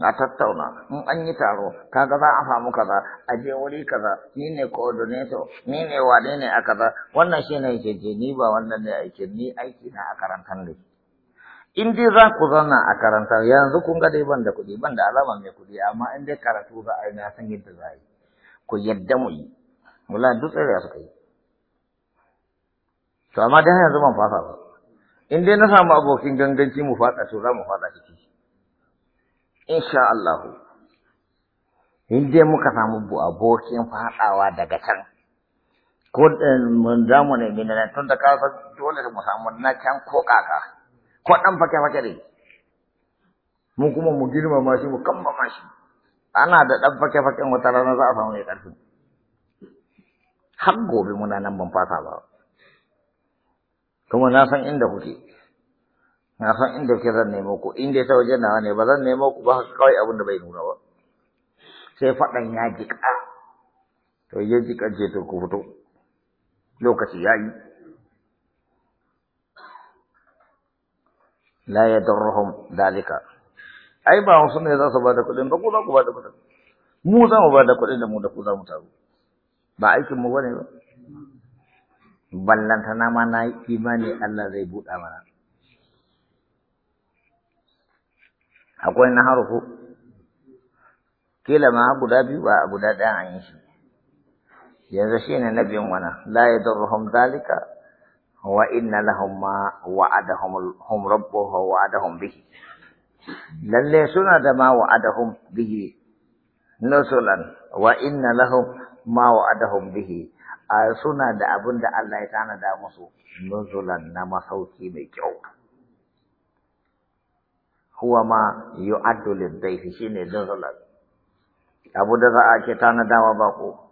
[SPEAKER 2] a tattauna in an yi taro kaga za a samu kaza a je wuri kaza ni ne coordinator ni ne wane ne a kaza wannan shi ne yake ni ba wannan ne aiki ni aiki na a karantar da shi in dai za ku zauna a karanta yanzu kun ga dai ban da kuɗi ban da alama mai kuɗi amma in dai karatu za a yi na san yadda za a yi ku yadda mu yi wala duk tsira suka yi to amma dai yanzu ban fasa ba in dai na samu abokin ganganci mu faɗa to za mu faɗa ciki insha Allah in dai muka samu abokin faɗawa daga can ko eh, mun zamu ne ne tun da ka san dole mu samu na can ko kaka kwaɗan fake-fake ni. mu kuma mu girmama shi mu ma shi ana da ɗan fake-faken wata rana za a samu mai ƙarfi har gobe na nan ban fasa ba kuma na san inda kuke na san inda kuke zan nemo ku inda ta waje nawa ne ba zan nemo ku ba haka kawai abin da bai nuna ba sai faɗan ya jiƙa to ya jiƙa ce to ku fito lokaci ya yi la yadurruhum dalika ai ba wasu ne za su bada kuɗin ba ko za ku bada kuɗin mu za mu bada kuɗin da mu da ku za mu taru ba aikin mu bane ba ballantana ma na imani Allah zai buɗa mana akwai na harufu kila ma guda biyu ba guda ɗaya an yi shi yanzu shi ne na biyun wana. la yadurruhum dalika وإن لهم ما وعدهم هم ربه وعدهم به lalle suna da ma wa'adahum bihi nusulan wa inna lahum ma wa'adahum bihi suna da abin da Allah ya tanada musu nuzulan na masauki mai kyau huwa ma yu'addu lid-dayfi shine nuzulan abu da za a ke tanada wa bako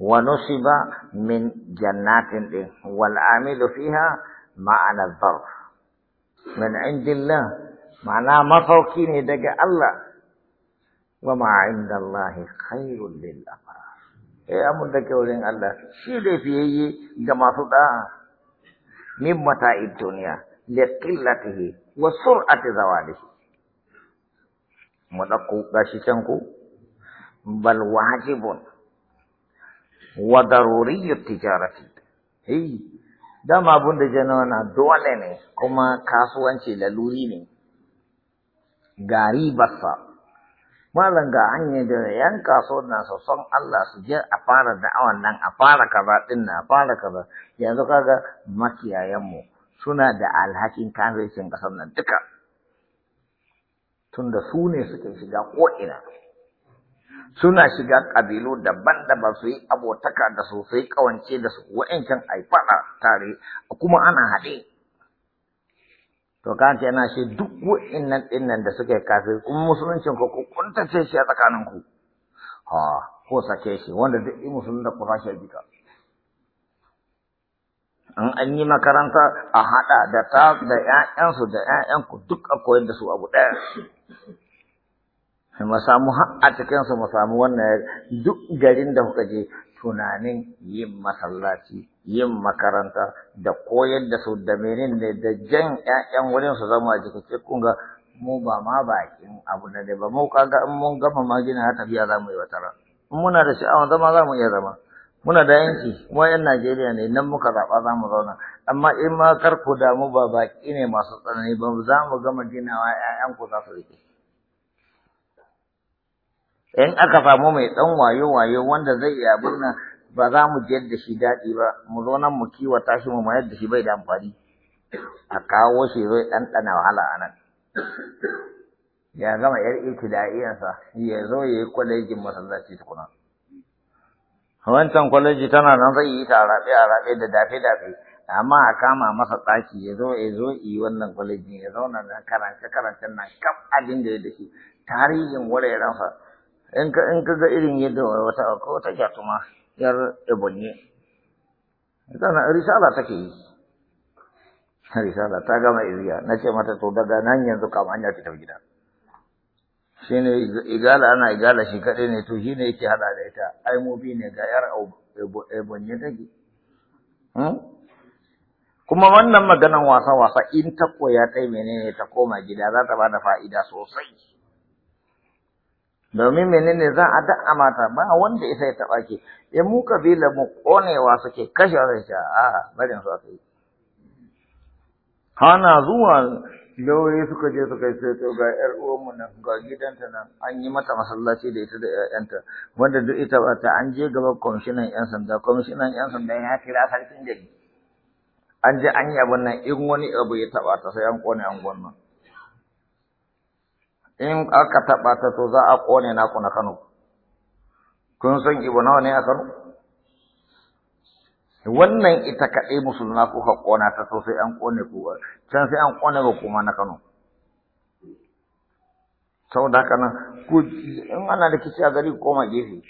[SPEAKER 2] ونصب من جنات إيه. والعامل فيها معنى الظرف من عند الله معناه مفوكين دقى الله وما عند الله خير للأبرار يا إيه، مدك ولين الله شيء فيه صدا من متاع الدنيا لقلته وسرعة زواله مدقو قاشي بل واجب wa daruriyyat tijarati eh dama abun da jana na dole ne kuma kasuwanci laluri ne gari basa malam ga an da yan kaso na su son Allah su je a fara da'awan nan a fara kaza din na a fara kaza yanzu kaga makiyayan mu suna da alhakin kanzai kasar nan duka tunda su ne suke shiga ko'ina. ina suna shiga ƙabilu daban-daban su yi abotaka da su sai ƙawance da su wa'incan a faɗa tare kuma ana haɗe. To ka ce yana shi duk wa'innan ɗinnan da suke kafin kuma musuluncin ku ku kuntace shi a tsakanin ku. Ha, ko sake shi wanda duk yi musulun da ku shi a In an yi makaranta a haɗa da ta da ‘ya'yansu da ‘ya'yanku duk a koyar da su abu ɗaya. mu samu a cikin su mu samu wannan duk garin da kuka je tunanin yin masallaci yin makaranta da koyar da su da menene da jan ƴaƴan wurin su zama a jikace kun ga mu ba ma bakin abu na da ba mu kaga in mun gama ma gina biya za mu yi wata ran in muna da sha'awar zama za mu iya zama muna da yanki kuma yan Najeriya ne nan muka zaɓa za mu zauna amma in ma kar ku damu ba baki ne masu tsanani ba za mu gama ginawa 'ya'yanku za su rike in aka samu mai ɗan wayo-wayo wanda zai iya birna ba za mu je da shi daɗi ba mu zo nan mu kiwata shi mu mayar da shi bai da amfani a kawo shi zai ɗanɗana wahala a ya gama yar ibtida'iyansa ya zo ya yi kwalejin masallaci tukuna wancan kwaleji tana nan zai yi ta raɓe a raɓe da dafe dafe amma a kama masa tsaki ya zo ya zo yi wannan kwalejin ya zauna na karance karancen na kam abin da ya dashi tarihin wuraren sa in ka in ka ga irin yadda wata akwai wata jatuma yar ebonye tana risala take yi risala ta gama iziya na ce mata to daga nan yanzu kam an yaki ta gida shi ne igala ana igala shi kaɗai ne to shi ne yake hada da ita ai bi ne ga yar ebonye take hmm? kuma wannan maganan wasa-wasa in ta koya ta menene ta koma gida za ta ba da fa'ida sosai domin menene za a da'a mata ba wanda isa ya taba ke, in mu kabila mu konewa suke kashe zai sha a barin su aka yi hana zuwa lauri suka je suka yi sai ga yar uwanmu nan ga gidanta nan an yi mata masallaci da ita da ƴaƴanta wanda duk ita ba ta an je gaba kwamishinan 'yan sanda kwamishinan 'yan sanda ya kira sarkin gari an je an yi abin nan in wani abu ya taɓa ta sai an kone an gwannan in aka taɓa ta to za a ƙone naku na Kano. Kun san ibo nawa ne a Kano? Wannan ita kaɗai musulma kuka ƙona ta to sai an ƙone ku can sai an ƙone ba kuma na Kano. Saboda haka nan, in ana rikici a gari koma gefe.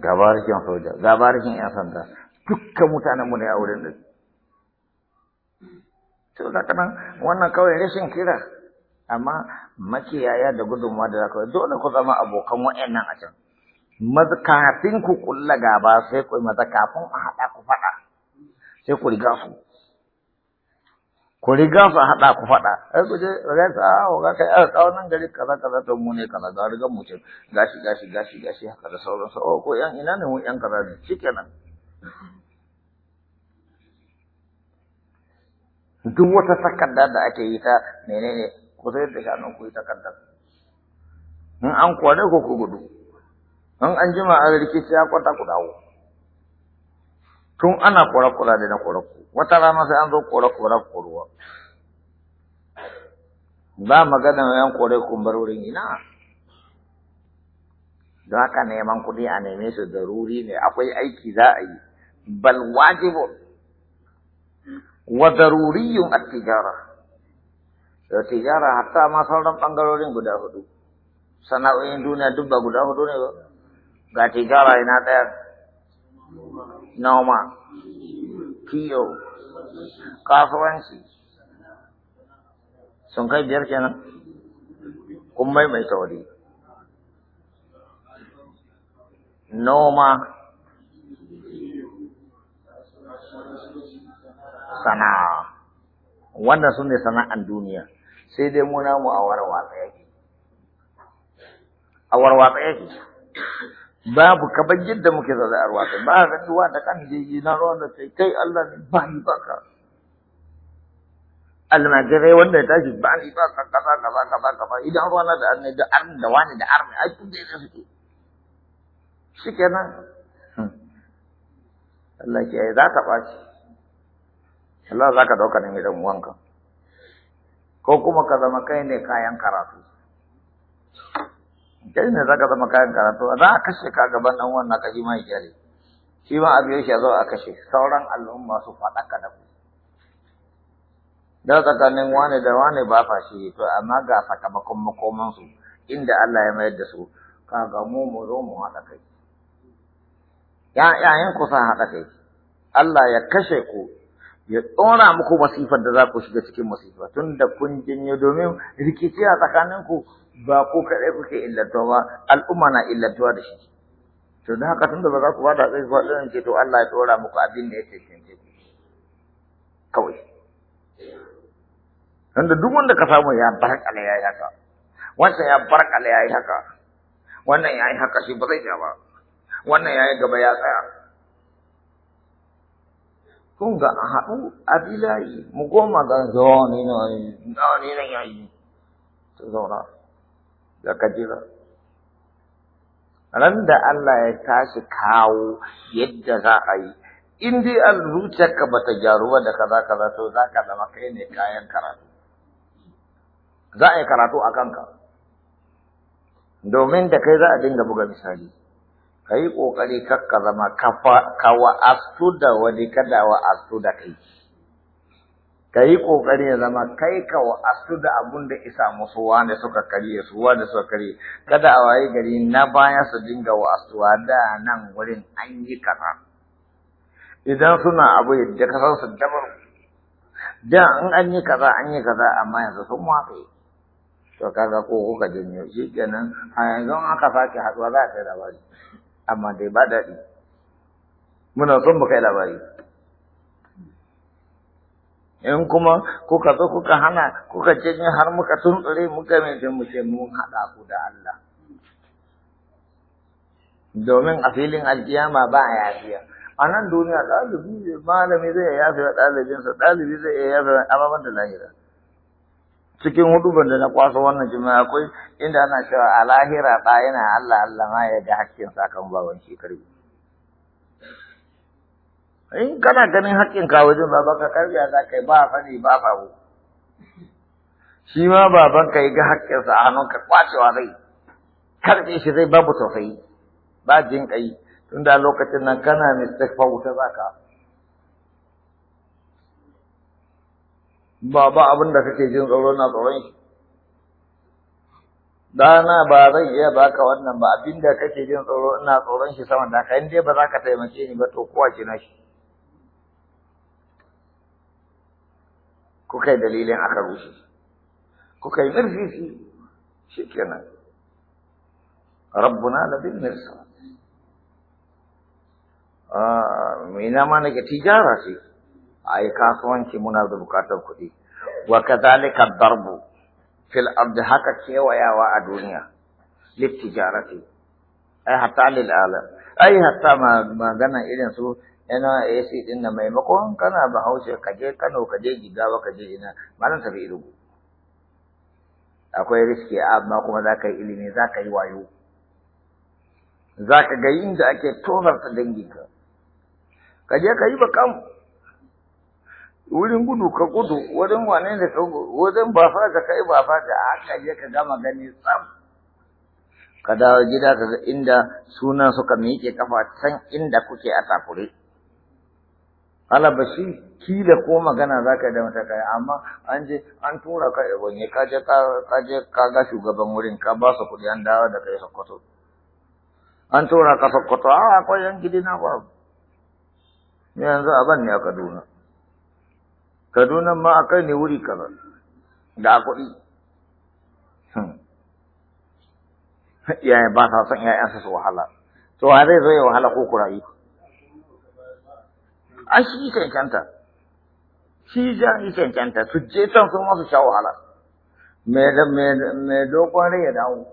[SPEAKER 2] Gabarikin soja, gabarikin barikin 'yan sanda, dukkan mutanenmu ne a wurin da. Saboda haka nan, wannan kawai rashin kira. amma makiyaya da gudunmuwa da za yi dole ku zama abokan wa'annan a can kafin ku kulla gaba sai ku maza kafin a haɗa ku faɗa sai ku riga su ku riga su a haɗa ku faɗa ai ku je ran sa awo ga kai a ah, tsawon gari kaza kaza to mu ne kaza ga riga mu ce gashi gashi gashi gashi haka da sauran su oh ko yan ina ne mu yan kaza ne shikenan duk wata takarda da ake yi ta menene ku sayar da shanun ku yi kanta in an kore ku ku gudu in an jima a rikici ya kwata ku dawo tun ana kora-kora ne na kora ku wata rana sai an zo kora-kora koruwa ba magana yan kore kun bar wurin ina don haka neman kuɗi a neme su daruri ne akwai aiki za a yi bal wajibun wa daruriyun at-tijara da tijara hatta ma sauran ɓangarorin guda hudu sana'o'in duniya duk ba guda hudu ne ba ga tijara ina ɗaya noma kiyo kasuwanci sun kai biyar kenan kun maimaita wuri noma sana'a Wanda su ne sana'an duniya sai dai mu namu a warwatsa yake a warwatsa yake babu kaban yadda muke zaza a warwatsa ba ga duwa da kan jeji na ruwan da sai kai Allah ne ba ni baka almajirai wanda ya tashi ba ni baka kaza kaza kaza kaza idan ruwa na da arne da arne da wani da arne ai tun da yake suke shikenan hmm. Allah ke za ba shi Allah za ka dauka ne mai dan wanka. ko kuma ka zama kai ne kayan karatu kai ne zaka zama kayan karatu za a kashe ka gaban nan wannan kashi mai kyale shi ma shi yake zo a kashe sauran al'umma su faɗaka da ku da tsakanin wane da wani ba fa shi to amma ga sakamakon makoman su inda Allah ya mayar da su kaga mu mu zo mu haɗa kai ya yin ku sa haɗa kai Allah ya kashe ku ya tsora muku masifar da za ku shiga cikin masifa tun da kun janyo domin rikici a tsakaninku ba ku kaɗai kuke illatuwa ba al'umma na illatuwa da shi to don haka tun da ba za ku bada tsaye ba ɗin ce to Allah ya tsora muku abin da ya cancance ku kawai da duk wanda ka samu ya barkala ya yi haka wancan ya barkala ya yi haka wannan ya yi haka shi ba zai ja ba wannan ya yi gaba ya tsaya kun ga a haɗu a filayi mu goma ga zuwa ne na yi
[SPEAKER 1] zuwa ne na yayi
[SPEAKER 2] ta zauna da kajira ran da Allah ya tashi kawo yadda za a yi in dai an zuciyarka ba ta gyaru ba da kaza kaza to za ka zama kai ne kayan karatu za a yi karatu a kanka domin da kai za a dinga buga misali ka yi ƙoƙari ka zama ka wa'astu da wani kada wa'astu da kai ka yi ƙoƙari ya zama kai ka wa'astu da abun da isa musu wanda suka karye su wanda suka karye kada a waye gari na baya su dinga wa'astuwa da nan wurin an yi kaza idan suna abu yadda ka san su dabar da in an yi kaza an yi kaza amma yanzu sun watsa to kaga ko kuka janyo shi kenan a yanzu aka sake haɗuwa za ka yi labari amma dai ba daɗi muna son baka yi labari in kuma kuka zo kuka hana kuka cikin har muka tuntsure muka mai mu ce mun haɗa ku da Allah domin a filin alkiyama ba a yafiya a nan duniya ɗalibi malami zai yafi wa ɗalibinsa ɗalibi zai yafi wa amma da lahira cikin ban da na kwaso wannan jima'a akwai inda ana cewa a lahira ba yana Allah Allah ma ya ga hakkin kan baban shi karbi in kana ganin hakkin ka wajen baba ka karbi za kai ba fani ba fawo shi ma baban ka ga hakkin sa a hannun ka kwacewa zai karbe shi zai babu tofai ba jin kai tunda lokacin nan kana mistake fa wuta zaka ba ba abin da kake jin tsoro na tsoron shi dana ba zai iya baka wannan ba abin da kake jin tsoro ina tsoron shi sama da kai dai ba za ka taimake ni ba to kowa ke nashi ku kai dalilin aka rushe ku kai shi shikenan rabbuna ladin mirsa ah na ma nake tijara shi a yi kasuwanci muna da bukatar kuɗi wa kadhalika darbu fil ardi haka kewayawa a duniya tijarati ai hatta lil alam ai hatta magana irin su yana AC din na maimakon kana Bahaushe ka je Kano ka je Jigawa ka je ina malan tafi ilugu akwai riski amma kuma za ka yi ilimi za ka yi wayo za ka ga inda ake ta danginka ka je ka yi bakam wurin gudu ka gudu wurin wane ne ka wajen ba fata kai ba fata haka je ka gama gani sam. ka dawo gida ka ga inda sunan suka miƙe kafa can inda kuke a takure alabashi kila ko magana za ka yi da mata kai amma an je an tura ka ebonyi ka je ka ga shugaban wurin ka ba su kuɗi an dawo da kai sokoto an tura ka sokoto a ah, akwai yan gidi na ba yanzu a ban ne a kaduna kaduna ma akai ne wuri kaza da kuɗi iyaye hmm. [LAUGHS] ba sa son ƴaƴansa su wahala to wa zai zo ya wahala ko kurayi an shi cancanta shi ja yi cancanta su je can su masu sha wahala mai dogon rai ya dawo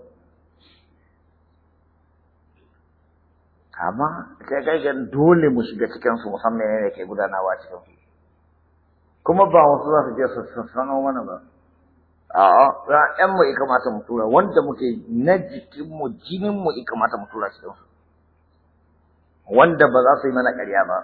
[SPEAKER 2] amma sai kai dole mu shiga su musamman ne kai ke gudanawa su kuma ba wasu za su je su sanar mana ba a'a ra'ayan mu ya mu tura wanda muke na jikin mu jinin mu ya mu tura cikin su wanda ba za su yi mana karya ba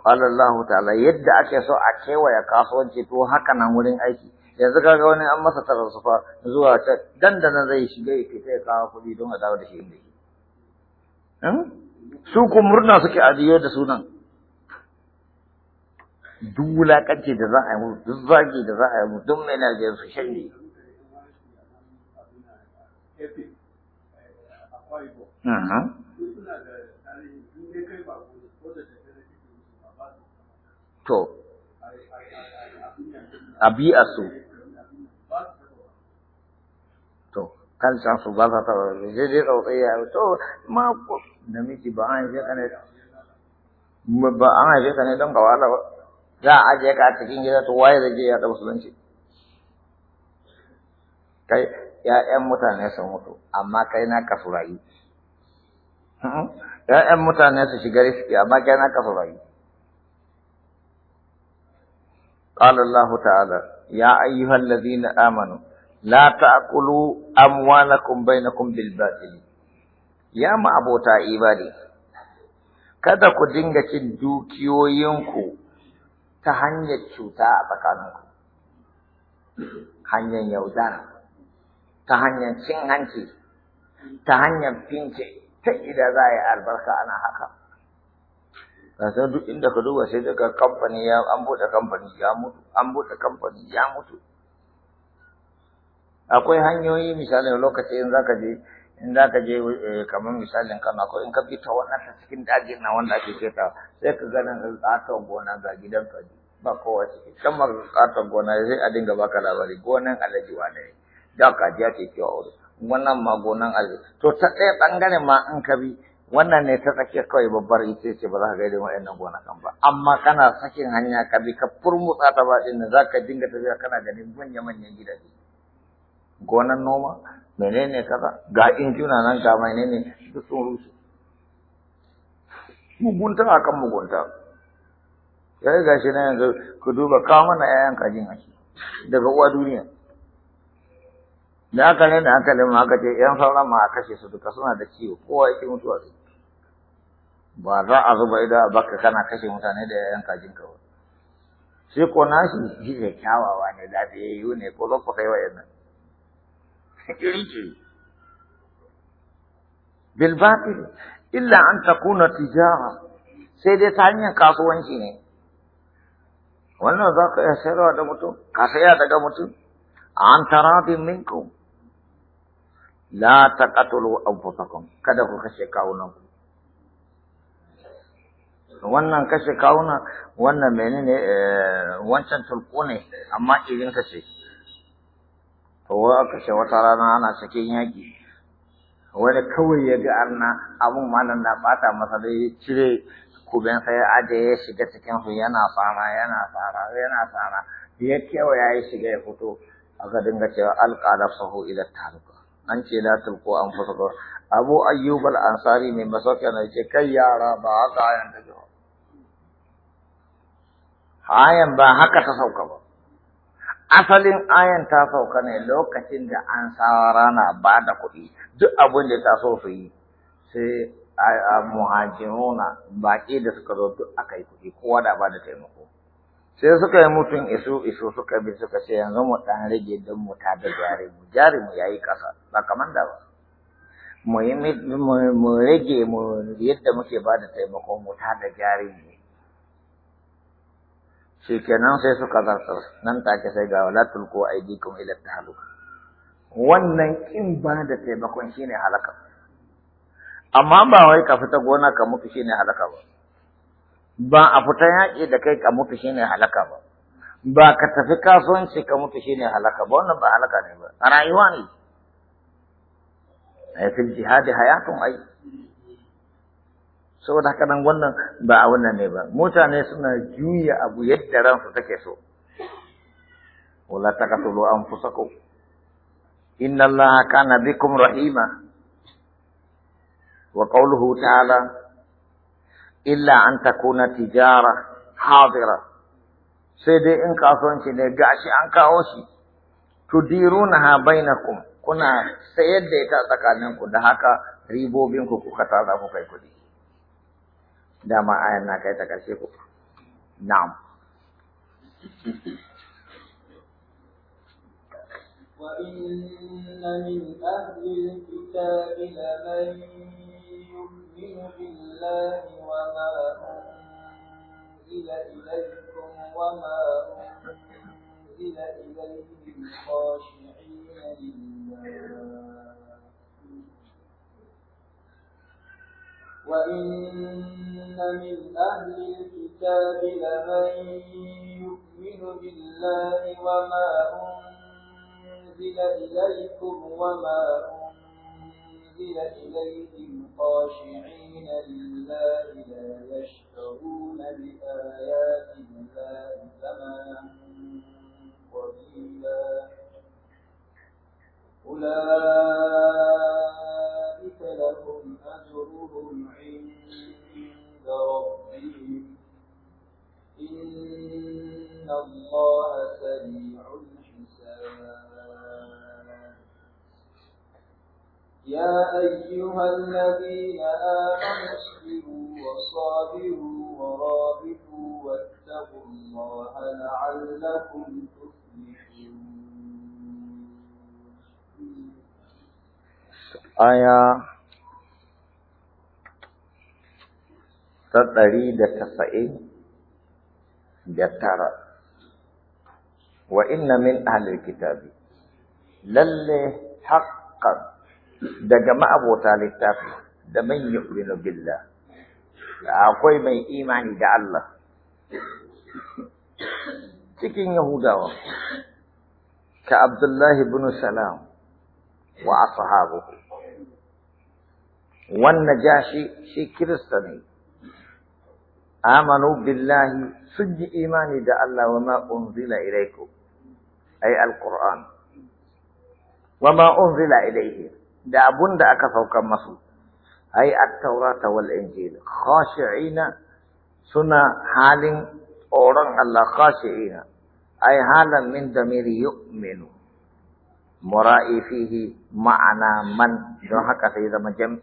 [SPEAKER 2] qala Allah ta'ala yadda ake so a kewaya kasuwanci to haka nan wurin aiki yanzu kaga wani an masa tarasufa zuwa can dandana zai shiga ya fita ya kawo kuɗi don a dawo da shi inda shi su ku murna suke ajiye da sunan duk wulakanci da za a yi musu duk zagi da za a yi musu duk mai najeriya su shanye mhm. to a bi a su to kan san su ba za ta zai zai tsautsayi a to ma namiji ba an haife ka ne ba an haife ka ne don ka wahala ba za a ajiye ka a cikin gida to waye zai je ya da musulunci kai ƴaƴan mutane su mutu amma kai na ka surayi mm-hmm. ƴaƴan mutane su shiga riski amma kai na ka surayi قال الله تعالى يا أيها الذين آمنوا لا تأكلوا أموالكم بينكم بالباطل ya abota ibadi, kada ku dinga cin dukiyoyinku ta hanyar cuta a tsakaninku, hanyar yaudara, ta hanyar cin hanci, ta hanyar fince, ta ida za a yi albarka ana haka. Kasan duk inda ka duba sai daga kamfani ya an buɗe kamfani ya mutu, an buɗe kamfani ya mutu. Akwai hanyoyi misali lokacin za ka je in za ka je eh, kamar misalin kana ko in ka bi ta wannan ta cikin dajin na wanda ake keta sai ka ganin tsatar gona ga gidan ka ba kowa ciki can ma gona sai a dinga baka labari gonan alaji wane da ka ji ake kiwa wuri wannan ma gonan alaji to ta ɗaya ɓangare ma in ka bi wannan ne ta tsakiya kawai babbar ita ce ba za ka gaida waɗannan kan ba amma kana sakin hanya ka bi ka furmutsa ta ba ɗin za ka dinga tafiya kana ganin manya-manyan gidaje gonan noma menene kaza ga na nan ga menene duk sun rushe mugunta akan mugunta sai ga shi na yanzu ku duba kawo mana ƴaƴan kajin ake daga uwa duniya da aka ne da aka ne ma aka ce 'Yan sauran ma a kashe su duka suna da ciwo kowa yake mutuwa su ba za a zuba ida a baka kana kashe mutane da ƴaƴan kajin ka ba sai ko nashi shi ne kyawawa ne da yi ne ko zan kusa yi wa'annan ilki bil batil illa an takuna tijara sai dai ta hanyar kasuwanci ne wannan za ka iya sayarwa da mutum ka saya daga mutum an bin minku la ta taqatulu anfusakum kada ku kashe kawunan ku wannan kashe kawunan wannan menene eh, wancan tulku ne amma irin kashe shi wa aka ce wata rana ana cikin yaƙi wani kawai ya ga arna abun malam na bata masa cire kuben sai aje ya shiga cikin su yana tsara yana tsara yana tsara ya kewaya ya shiga ya fito aka dinga cewa alƙada sahu ila taruka an ce la tulqu an fusuka abu ayyub al ansari mai masauka na ce kai yara ba haka ayan ba Hayan ba haka ta sauka ba asalin ayan ta sauka ne lokacin da an sawa rana ba da kuɗi duk abin da ta so su yi sai a muhajiruna baƙi da suka zo duk aka yi kuɗi kowa da ba da taimako sai suka yi mutum isu isu suka bi suka ce yanzu mu ɗan rage don mu ta da jari mu jari mu yayi ƙasa ba kamar da ba mu rage mu yadda muke ba da taimako mu ta da jari mu shi kenan sai suka zartar nan take sai ga wala tulku aidikum ila tahluk wannan kin ba da taimakon shine halaka amma ba wai ka fita gona ka mutu shine halaka ba ba a fita yaƙi da kai ka mutu shine halaka ba ba ka tafi kasuwanci ka mutu shine halaka ba wannan ba halaka ne ba a rayuwa ne ai fil jihadi hayatun ai saboda haka nan wannan ba a wannan ne ba mutane suna juya abu yadda ransu take so wala taqtulu anfusakum inna allaha kana bikum rahima wa qawluhu ta'ala illa an takuna tijara hadira sai dai in kasuwanci ne gashi an kawo shi tudirunaha bainakum kuna sayar da ita tsakaninku da haka ribobinku kuka tara kuka yi kuɗi dama ayan na kai ta
[SPEAKER 1] وإن من أهل الكتاب لمن يؤمن بالله وما أنزل إليكم وما أنزل إليهم خاشعين لله وإن من أهل الكتاب لمن يؤمن بالله وما أنزل إليكم وما أنزل إليهم خاشعين لله لا يشترون بآيات الله ثمنا قليلا أولئك لهم عند ربهم إن الله سريع الحساب
[SPEAKER 2] يا أيها
[SPEAKER 1] الذين آمنوا اصبروا وصابروا ورابطوا واتقوا الله لعلكم تفلحون آية
[SPEAKER 2] ta ɗari da tasa'in da tara wa inna min ahlil kitabi lalle haqqan daga ma'abota littafi da man yu'minu billah da akwai mai imani da Allah cikin yahudawa ka abdullah ibn salam wa ashabuhu wannan jashi shi kirista ne آمنوا بالله سج إيماني دا الله وما أنزل إليكم أي القرآن وما أنزل إليه دا أبن دا أكثر كم أي التوراة والإنجيل خاشعين سنة حال أوران الله خاشعين أي حالا من ضمير يؤمن مرائي فيه معنى من جرحك حكا سيدا مجمعي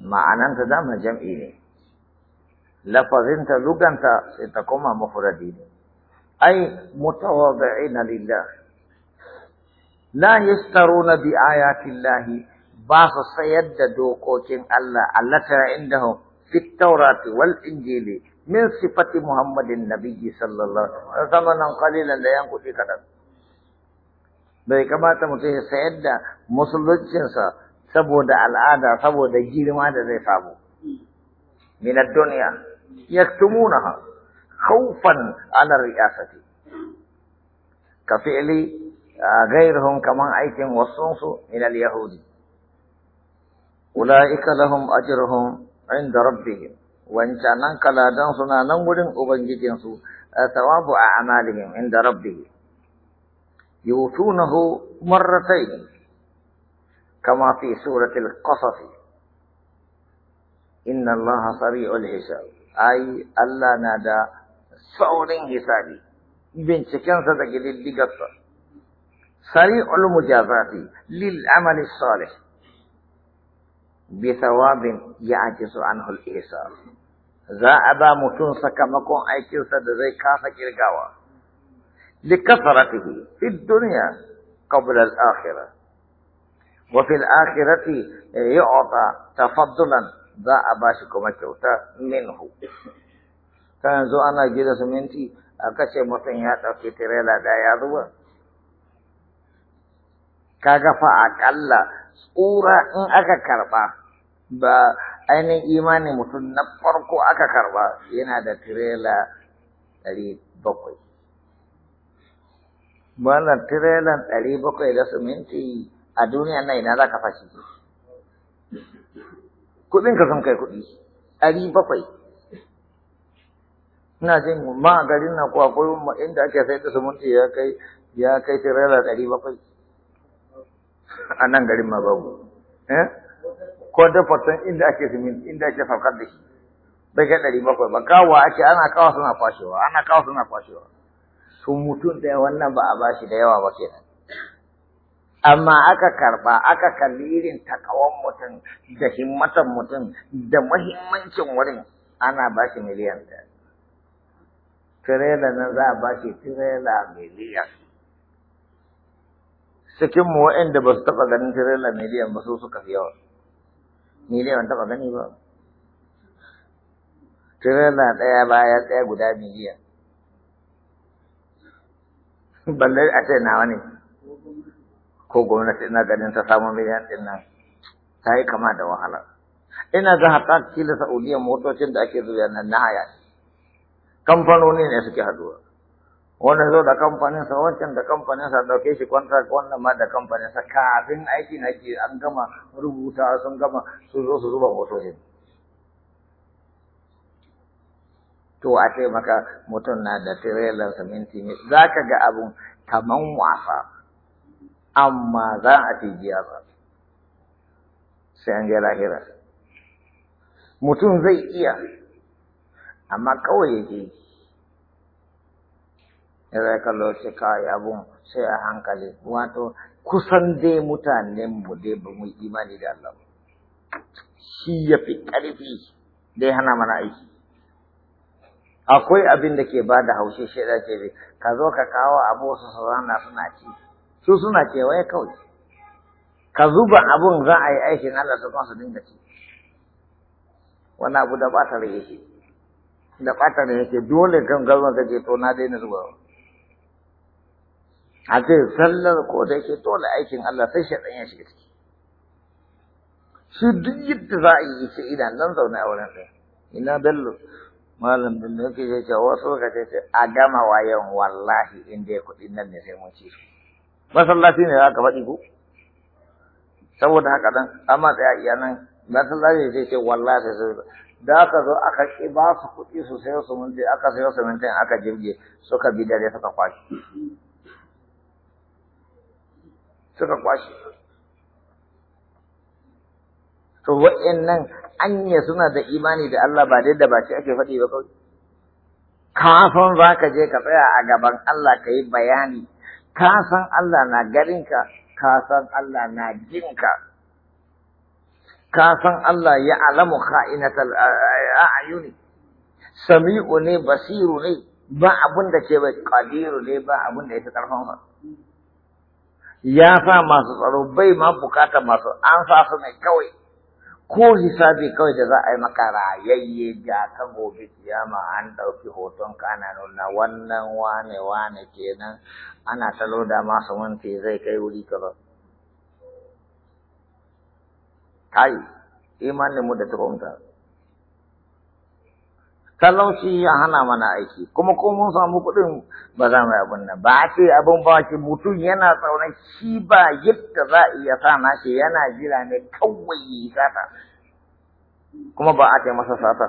[SPEAKER 2] معنى تدا مجمعي lafazinta luganta sai ta koma mafuradi ne ai mutawadi'ina lillah la yashtaruna bi ayati Allah ba su sayar da dokokin Allah allata indahum fit tawrati wal injili min sifati muhammadin nabiyyi sallallahu alaihi wasallam zamanan qalilan da yan kuɗi kaɗan bai kamata mutum ya sayar da musuluncinsa saboda al'ada saboda girma da zai samu min ad-dunya يكتمونها خوفا على الرئاسة كفعل آه، غيرهم كما أيتم والصنص من اليهود أولئك لهم أجرهم عند ربهم وإن كان كلا دنسنا نمر أبنجتنسو آه، ثواب أعمالهم عند ربهم يؤتونه مرتين كما في سورة القصص إن الله سريع الحساب ai Allah na da saurin hisabi bincikensa da sari sari'ul mujazati lil amali salih bi thawabin ya'jizu anhu al-ihsar za a ba mutum sakamakon sa da zai kafa kirgawa li kasratihi fi dunya qabla al-akhirah wa fi al-akhirati yu'ta tafaddulan za a ba shi kuma kyauta minhu ta yanzu ana gida siminti a kace mutum ya ɗauki tirela da ya zuba kaga fa aƙalla tsura in aka karɓa ba ainihin imani mutum na farko aka karɓa yana da tirela ɗari bakwai wannan tirelan ɗari bakwai da siminti a duniya na ina za ka fashi kuɗin ka sun kai kuɗi ɗari bakwai ina jin ma a garin na kuwa akwai inda ake sai da sumunci ya kai ya kai tirela ɗari bakwai a nan garin ma babu eh? ko da fatan inda ake sumin inda ake saukar da shi bai kai ɗari bakwai ba kawo ake ana kawo suna kwashewa ana kawo suna kwashewa sun mutum ɗaya wannan ba a bashi da yawa ba kenan amma aka karba aka kalli irin takawan mutum da himmatan mutum da mahimmancin wurin ana ba shi miliyan ɗaya. Tirela na za a ba shi tirela miliyan. Cikin mu waɗanda ba su taɓa ganin tirela miliyan ba su suka fi yawan. Miliyan taɓa gani ba. Tirela ɗaya baya ɗaya guda miliyan. Balle a ce nawa ne. ko gwamnati ina ganin ta samu miliyan ɗin nan ta yi kama da wahala ina ga hatta kila sa'udiyya motocin da ake zuwa nan na haya kamfanoni ne suke haduwa wannan zo da kamfanin sa wancan da kamfanin sa dauke shi contract wannan ma da kamfanin sa kafin aikin ake an gama rubuta sun gama su zo su zuba motocin to a ce maka mutum na da tirelar siminti ne za ka ga abun kaman wasa amma za a fi ba sai an lahira mutum zai iya amma kawai ya yi. zai kallo shi kawai abun sai a hankali wato kusan dai mutanen mu dai ba mu imani da Allah shi ya fi ƙarfi dai hana mana aiki akwai abin da ke ba da haushe shaida ce ka zo ka kawo abu wasu nasu suna ci su suna kewaye kawai ka zuba abun za a yi aikin Allah su kansu dinga ci wani abu da bata rage shi da bata rage shi dole kan galma ka ce to na daina zuba a ce sallar ko da yake dole aikin Allah sai shi ya shiga ciki shi duk yadda za a yi shi idan nan zaune a wurin sai ina bello malam bello yake ce wasu ka ce a gama wayan wallahi in dai kuɗi nan ne sai mun ci su masallaci ne za ka faɗi ko saboda haka dan amma tsaya iya nan masallaci zai ce wallahi sai sai da aka zo aka ki ba su kuɗi su sayo suminti aka sayo sumintin aka jirge suka bi dare suka kwashi suka kwashi to wa'annan anya suna da imani da Allah ba dai da ba ce ake faɗi ba kawai kafin za ka je ka tsaya a gaban Allah ka yi bayani ka san Allah na garin ka san Allah na jinka ka san Allah ya alamu kha'inatal a'yuni sami'u ne basiru ne ba abun da ke bai qadiru ne ba abun da ya karfan sa ya sa masu tsaro bai ma bukata masu an sa su ne kawai ko hisabi kawai da za a yi maka rayayye ga ka gobe kiyama an ɗauki hoton ka ana nuna wannan wane wane kenan ana salo da masu wanke zai kai wuri ka ba. kai imanin mu da tukunta. talauci ya hana mana aiki kuma ko mun samu kuɗin ba za mu abin nan ba a ce abun ba ce, mutum yana tsaune shi ba yadda za a iya sa shi yana jira ne kawai yi sata kuma ba a ce masa sata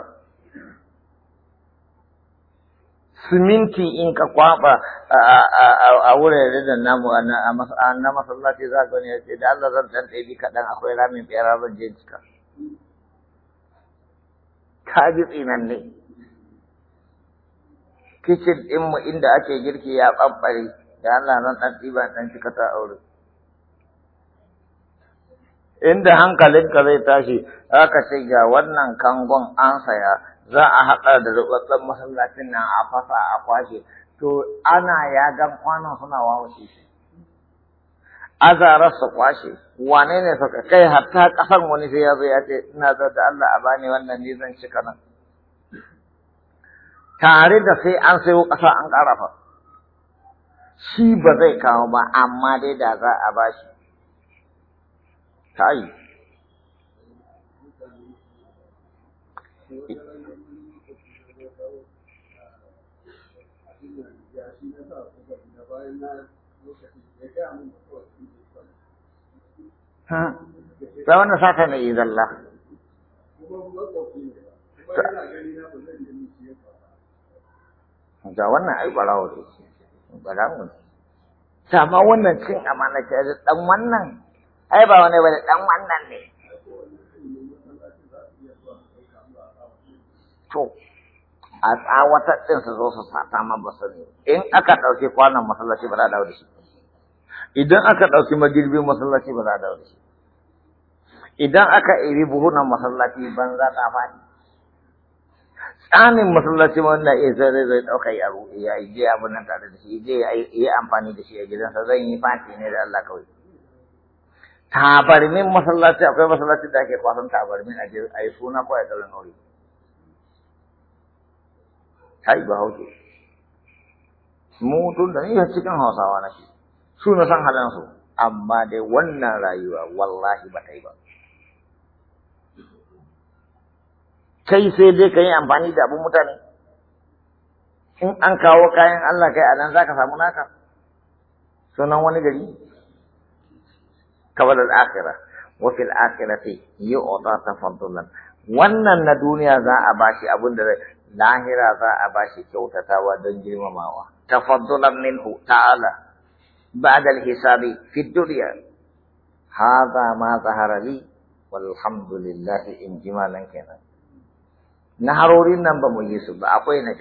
[SPEAKER 2] siminti in ka kwaba a wurare da namu na masallaci za ka ne ce da Allah zan dan ɗabi kaɗan akwai ramin ɓera zan je cika ka ji tsinan ne kicin ɗinmu inda ake girki ya ɓamɓare da Allah nan ɗan ɗiba ɗan cika ta aure. Inda hankalinka zai tashi, aka ce ga wannan kangon an saya, za a haɗa da rubatsen masallacin nan a fasa a kwashe, to ana ga kwanan suna wawo shi. azarar su kwashe wane ne suka kai hatta kasan wani sai ya zo ya ce ina da Allah a bani wannan ne zan cika nan tare da sai an sayo ƙasa an ƙarafa
[SPEAKER 1] shi ba zai
[SPEAKER 2] kawo ba amma dai da za a ba shi kai Ha, ta wannan sata ne, ga wannan ai barawo shi barawo ne sama wannan cin amana ce da dan wannan ai ba wani bane
[SPEAKER 1] dan wannan ne
[SPEAKER 2] to a tsawatar din su zo su sata ma ba ne. in aka dauke kwanan masallaci ba za a dawo da shi idan aka dauki magirbin masallaci ba za a dawo da shi idan aka iri buhunan masallaci banza ta faɗi ƙanin masallaci wanda ya zai zai ɗauka ya ya yi je abin nan tare da shi je ya amfani da shi a gidansa zan yi fati ne da Allah kawai. Tabarmin masallaci akwai masallaci da ake kwasan tabarmin a a yi suna ko ya ɗaurin aure. Kai ba hauke. Mu tun da ni cikin Hausawa na shi. Su na san halansu. Amma dai wannan rayuwa wallahi ba ta yi ba. kai sai dai ka yi amfani da abin mutane in an kawo kayan Allah kai a nan za ka samu naka sunan wani gari kabar al'akira wafil fi yi ota ta fantunan wannan na duniya za a bashi abin da lahira za a bashi kyautatawa don girmamawa fantunan min ta'ala بعد fi hisabi ha za ma zahararri walhamdulillahi in لله انجمالا kenan naharorin nan ba mu yi su ba akwai na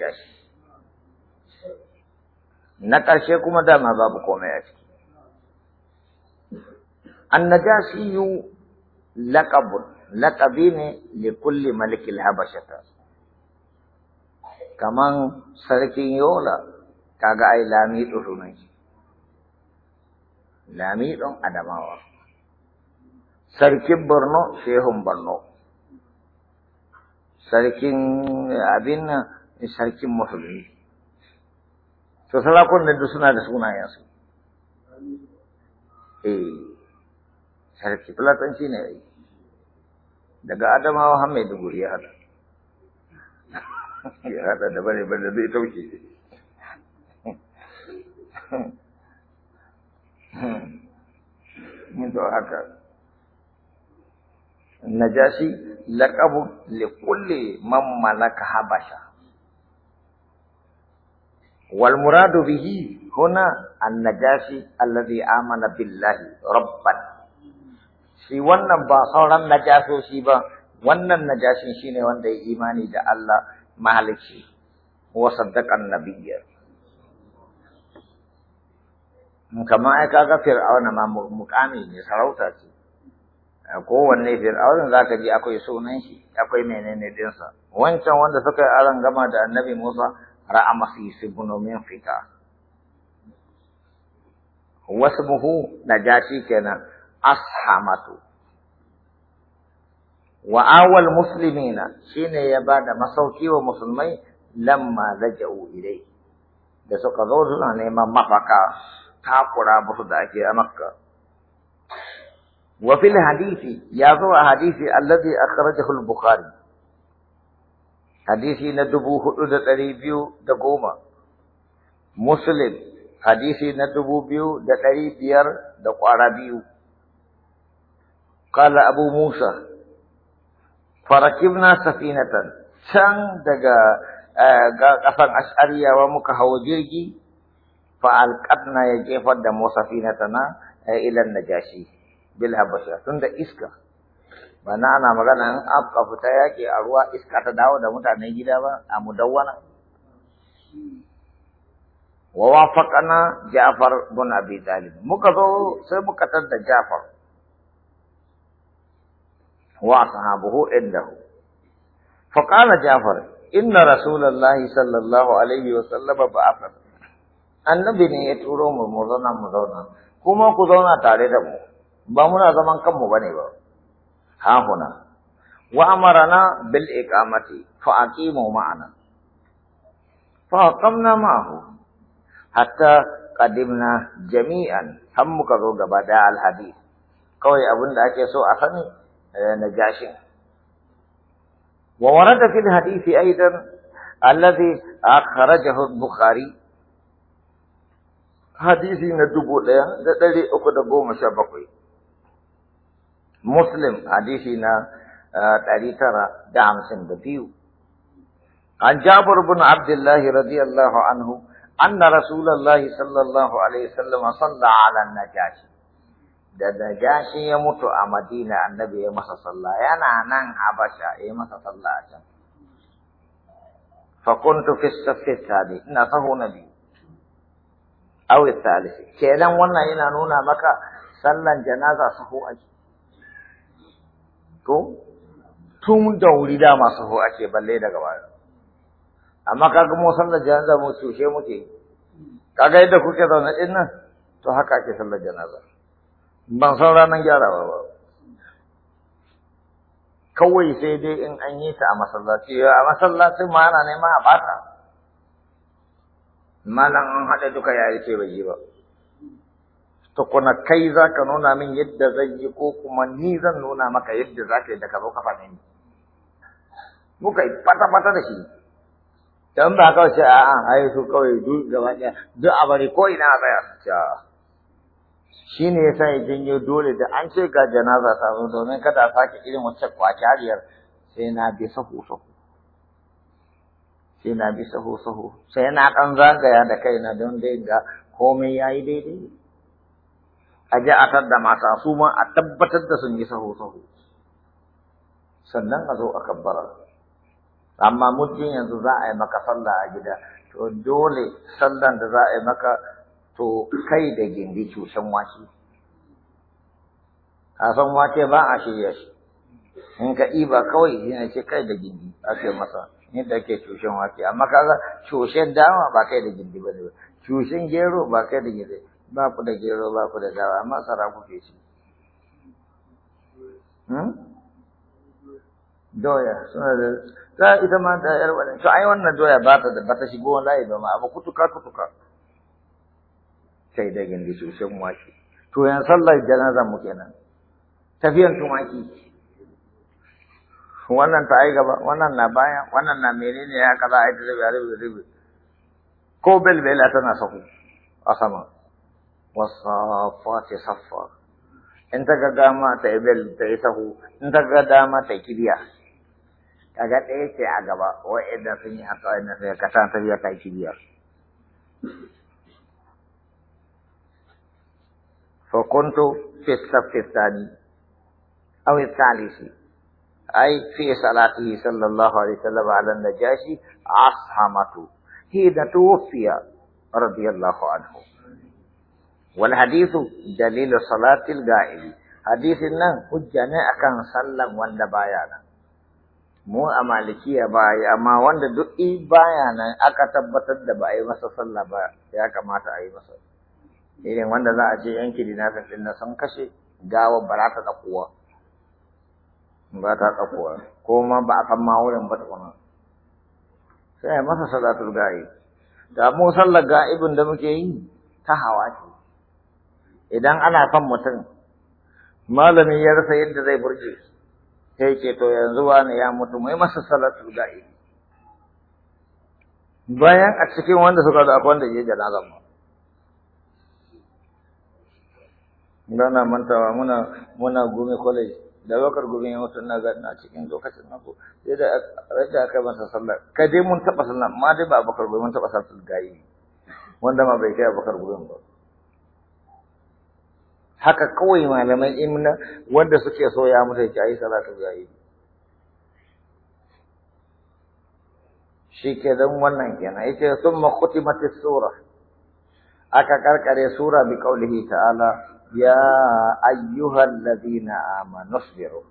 [SPEAKER 2] na ƙarshe kuma dama babu komai a ciki annajashi yu laqabun laqabi ne li kulli malikil habashata kaman sarkin yola kaga ai lami sunan shi lami don adamawa sarkin borno shehun borno sarkin abin nan sarkin musulmi to sarakunan duk suna da su eh sarki fulatanci ne ai daga adamawa har mai duguri ya hada ya hada da bane bane zai tauke mun to haka najashi laqabu li kulli man malaka habasha wal muradu bihi huna an-najashi alladhi amana billahi rabban shi wannan ba sauran najasoshi ba wannan najashin shine wanda ya imani da Allah mahalici wa na annabiyya kamar ai ga fir'auna ma mukami ne sarauta ce A kowanne fir'aunin za ka ji akwai sunan shi akwai menene dinsa wancan wanda suka yi aron gama da annabi musa ra'ama fi sibnomin fita Wasu wasmuhu shi kenan ashamatu wa awal muslimina shine ya ba da masauki wa musulmai lamma raja'u ilai da suka zo suna neman mafaka takura musu da ake a makka وفي الحديث ذو الحديث الذي أخرجه البخاري حديث ندبوه حدود تريبيو دقوما مسلم حديث ندبو بيو دتريبير دقاربيو قال أبو موسى فركبنا سفينة can daga قفن ashariyawa ومك hawa jirgi fa'alƙadna ya jefar da musafinatana ilan najashi bil habasha tunda iska Bana ana magana in afka fita yake a ruwa iska ta dawo da mutanen gida ba a mudawwana wa wafaqana Ja'far bin Abi Talib muka zo sai muka tada Ja'far wa sahabuhu indahu fa qala Ja'far inna rasulullahi sallallahu alaihi wa sallam ba'atha annabi ne ya turo mu mu zauna mu zauna kuma ku zauna tare da mu ba muna zaman kanmu bane ba ha huna wa amarana bil iqamati fa aqimu ma'ana fa aqamna ma'ahu hatta qadimna jami'an hammu ka zo gaba da al hadith kawai abin da ake so a sani eh, na gashin wa warada fil hadithi aidan alladhi akhrajahu al-bukhari hadisi na dubu ɗaya da ɗari uku da goma sha bakwai مسلم حديثنا تريترا دعم سندبيو عن جابر بن عبد الله رضي الله عنه أن رسول الله صلى الله عليه وسلم صلى على النجاشي da najashi ya mutu a Madina annabi ya masa sallah yana nan Habasha ya masa sallah a can fa kuntu fi safi tani ina taho na biyu aw thalith kenan wannan yana nuna maka sallan janaza sahu aji ko tun da wuri da masu ho ake balle daga baya amma kaga mu san da janaza mu tushe muke kaga yadda kuke zaune din nan to haka ake sallar janaza ban san ranar gyarawa ba kawai sai dai in an yi ta a masallaci a masallacin ma ana nema a bata malam an haɗa duka yayi ce bai yi ba kuna kai za ka nuna min yadda zan yi ko kuma ni zan nuna maka yadda za ka yi da ka zo Muka yi fata-fata da shi. Dan ba kawai ce a'a ai su kawai duk gaba ɗaya duk a bari ko ina a tsaya su Shi ne yasa ya janyo dole da an ce ga janaza ta zo domin kada a sake irin wacce kwakyariyar sai na bi sahu-sahu. Sai na bi sahu-sahu sai na ɗan zagaya da kaina don dai komai ya yi daidai. a ji a tadda masu su ma a tabbatar da sun yi sahu-sahu, sannan a zo a kabbara amma mutum yanzu za a yi maka sallah a gida to dole sallan da za a yi maka to kai da gindi cutan wake a san wake ba a shirya shi in ka ɗiba kawai shi ne ce kai da gindi ake masa yadda ake cushen wake amma kaga cushen dama ba kai da gindi ba ne ba cushen gero ba kai da gindi ba ku da gero ba ku da dawa masara kuke ci hmm? doya suna da ta ita ma da yar wani to ai wannan doya ba ta da ba ta shigo layi ba ma abu kutuka kutuka sai da gindi sosai wake to yan sallar janaza mu kenan tafiyan tumaki wannan ta ai gaba wannan na baya wannan na menene ya kaza ai da rabi rabi ko belbela tana sahu a sama والصافات صفا انت قداما تعبل تعيثه انت قداما تكبيا تجد ايه في عقبا وإذا فيني حتى إن في كتان تبيا تكبيا فكنت في الصف الثاني أو الثالث أي في صلاته صلى الله عليه وسلم على النجاشي أصحمته حين توفي رضي الله عنه wal hadithu dalilu salatil ga'ili hadithin nan hujja ne akan sallan wanda baya nan mu a malikiya baya amma wanda duk i baya nan aka tabbatar da ba a yi masa sallah ba ya kamata a yi masa irin wanda za a ce yanki dinafin din na sun kashe gawa ba za ta tsakuwa ba ta tsakuwa ko ma ba a san ma wurin ba tukuna sai masa salatul ga'i da mu sallar ga'ibin da muke yi ta hawa ce idan ana son mutum malami ya rasa yadda zai burge sai ce to yanzu wani ya mutu mai masa salatul ga'i bayan a cikin wanda suka da akwai wanda ya janazan zama muna mantawa muna muna gumi college da lokar gumi ya mutu na na cikin lokacin na ko sai da rage aka masa sallar kai dai mun taba sallar ma dai ba Bakar gumi mun taba sallar ga'i wanda ma bai kai Bakar gumi ba haka kawai malaman imna wanda suke so ya mutu ayi salatu gayi shi ke don wannan kenan yace summa khutimatis sura aka karkare sura bi qaulihi ta'ala ya ayyuhal ladina amanu sabiru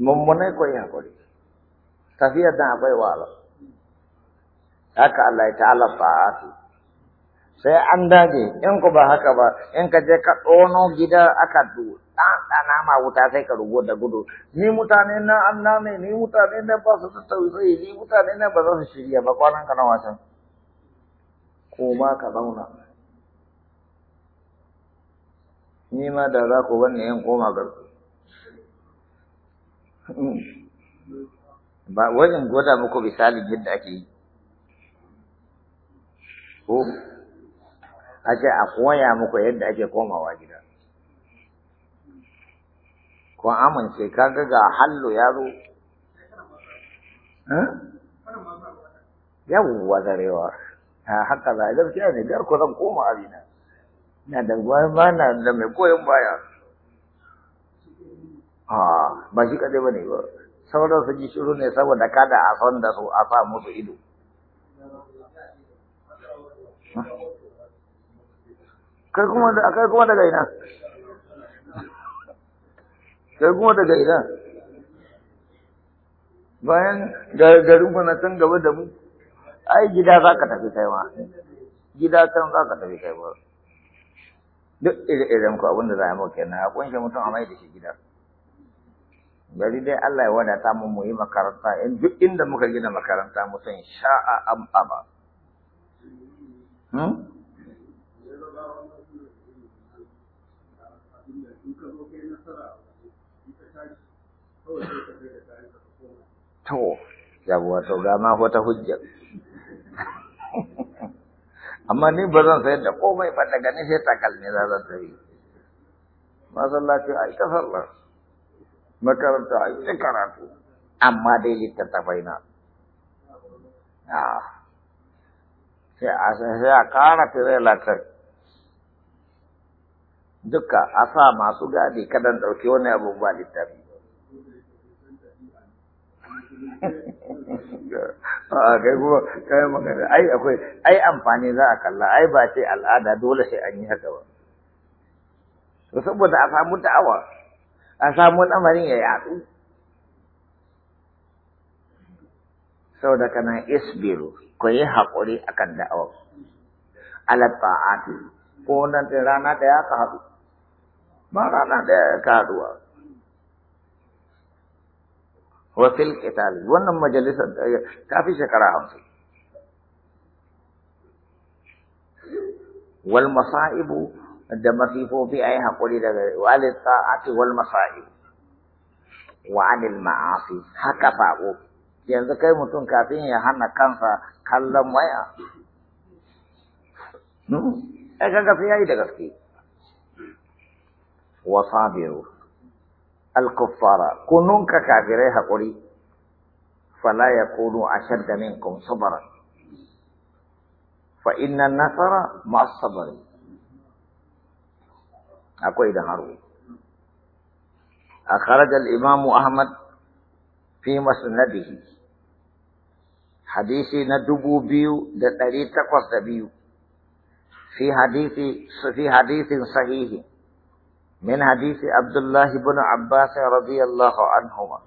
[SPEAKER 2] mummunai ko ya kuri tafiyar da akwai wala haka Allah ya ta'ala ta'atu sai an dage in ku ba haka ba in ka je ka tsono gida aka du ɗanɗana ma wuta sai ka rugo da gudu ni mutane na an name ni mutane na ba su tausayi ni mutane na ba za su shirya ba kwanan ka na wasan ko ma ka zauna ni ma da za ku wanne yan koma garku ba wajen gwada muku misalin yadda ake yi ko a ce a koya muku yadda ake komawa gida ko amince kaga ga hallo ya zo yawwa zarewa a haka za a zafi ne biyar ko zan koma abina na da goyon ba na da mai koyon baya a ba shi kaɗai ba ne ba sauran su ji shiru ne saboda kada a son da su a sa musu ido kai kuma da kai kuma daga ina kai kuma daga ina bayan garin ku na can gaba da mu ai gida za ka tafi kai ma gida can za ka tafi kai ma duk ire-iren ku abinda za a maka kenan a kunshe mutum a mai da shi gida bari dai Allah ya wadata mu mu yi makaranta in duk inda muka gina makaranta mu san sha'a amma ba hmm? To, yabuwa to ga ma wata hujja. Amma ni ba zan sayar da komai ba daga ni sai takalmi za zan tafi. Masallaci a ita sallar, makaranta a ita karatu, amma dai littattafai na. Ah. Sai a a kara fere kai. Duka a sa masu gadi kadan ɗauki wani abu ba littafi.
[SPEAKER 1] [LAUGHS] Ah, kai
[SPEAKER 2] kuma ai akwai ai amfani za a kalla ai ba ce al'ada dole sai an yi haka ba to saboda a samu da'awa a samu lamarin ya yatsu saboda kana isbiru ku yi haƙuri akan da'awa ala ta'ati ko nan rana ɗaya ka haɗu ba rana ɗaya ka haɗuwa wasil itali wannan majalisar eh, ta fi shekara hamsin wal masa'ibu da masifofi a yi haƙuri daga walid sa'ati wal masa'ibu wa anil ma'asi haka sabo yanzu kai mutum kafin ya hana kansa kallon waya hmm? ai kaga sai yayi da gaske wa sabiru الكفار كنون ككافري هقولي فلا يكونوا أشد منكم صبرا فإن النصر مع الصبر أقول إذا هارو أخرج الإمام أحمد في مسنده حديثي ندبو بيو دتريتا قصد بيو في حديث في حديث صحيح من حديث عبد الله بن عباس رضي الله عنهما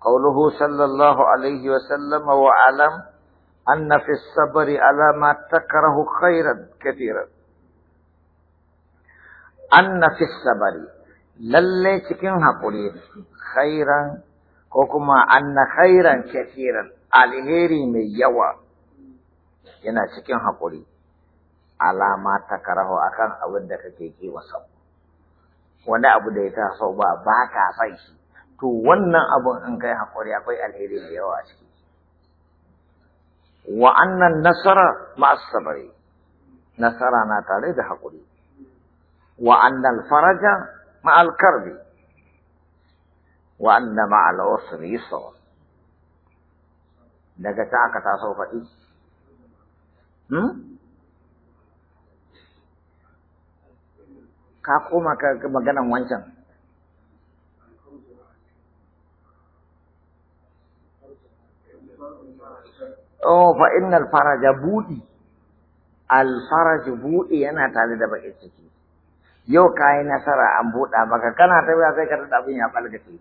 [SPEAKER 2] قوله صلى الله عليه وسلم وعلم أن في الصبر على ما تكره خيرا كثيرا أن في الصبر للي تكن هقولي خيرا كوكما أن خيرا كثيرا alheri mai yawa yana cikin haƙuri alama ta karaho akan abin da kake ke wasa wani abu da ya taso ba ba ka san shi to wannan abun in kai hakuri akwai alheri da yawa a ciki wa annan nasara ma'as sabri nasara na tare da hakuri wa annal faraja ma'al karbi wa anna ma'al usri yusra daga ta aka taso faɗi hmm? ka koma ka maganan wancan Oh, fa innal faraja buɗi, alfaraj buɗi yana tare da baƙin ciki. Yau ka yi nasara an buɗa maka, kana ta biya sai ka tada abin ya ɓalgace.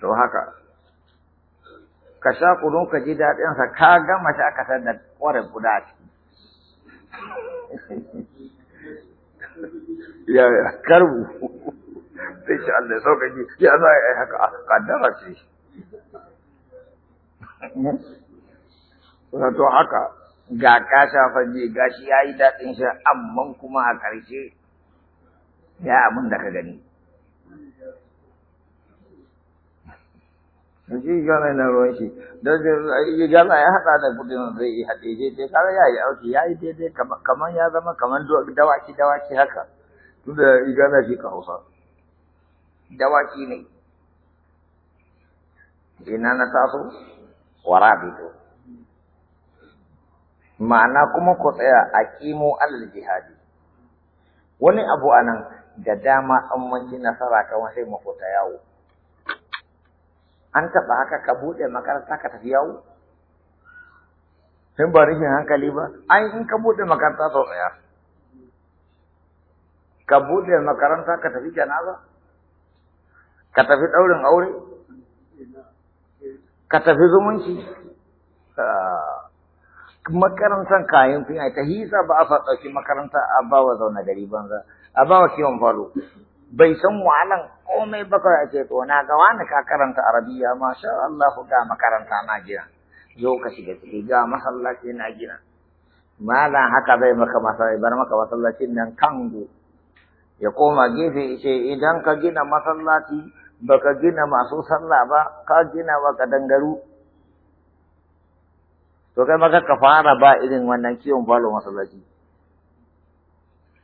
[SPEAKER 2] To haka, ka sha kunun ka ji daɗinsa, ka gama shi aka da ƙwarar guda ce.
[SPEAKER 1] [LAUGHS] ya karbu sai shi
[SPEAKER 2] Allah sauƙaƙe ya za a yi haka kaddara ce to haka ga kasha fage gashi yayi daɗin shi amman kuma a ƙarshe ya abin da ka gani shi gana na ruwan shi don shi gana ya haɗa da kudin zai yi haɗe daidai kare ya yi auki ya yi daidai kamar ya zama kamar dawaki dawaki haka tunda igana shi ka hausa dawaki ne ina na taso warabito ma'ana kuma ku tsaya a kimo alal jihadi wani abu anan da dama an manci nasara kamar sai mafuta yawo an taɓa haka ka buɗe makaranta ka tafi yawo in ba rashin hankali ba An in ka buɗe makaranta sau ɗaya ka buɗe makaranta ka tafi janaza ka tafi ɗaurin aure ka tafi zumunci ah, makarantar kayan fiye ta hisa ba a faɗauki makaranta a bawa zaune gari banza a bawa kiwon faru. bai san wahalan komai ba kawai ce to na ga wani ka karanta arabiya masha Allah ga makaranta na gina zo ka shiga ciki ga masallaci na gina malam haka zai maka masallaci bar maka masallacin nan kango ya koma gefe ce idan ka gina masallaci baka gina masu sallah ba ka gina wa kadangaru to kai maka ka fara ba irin wannan kiwon balo masallaci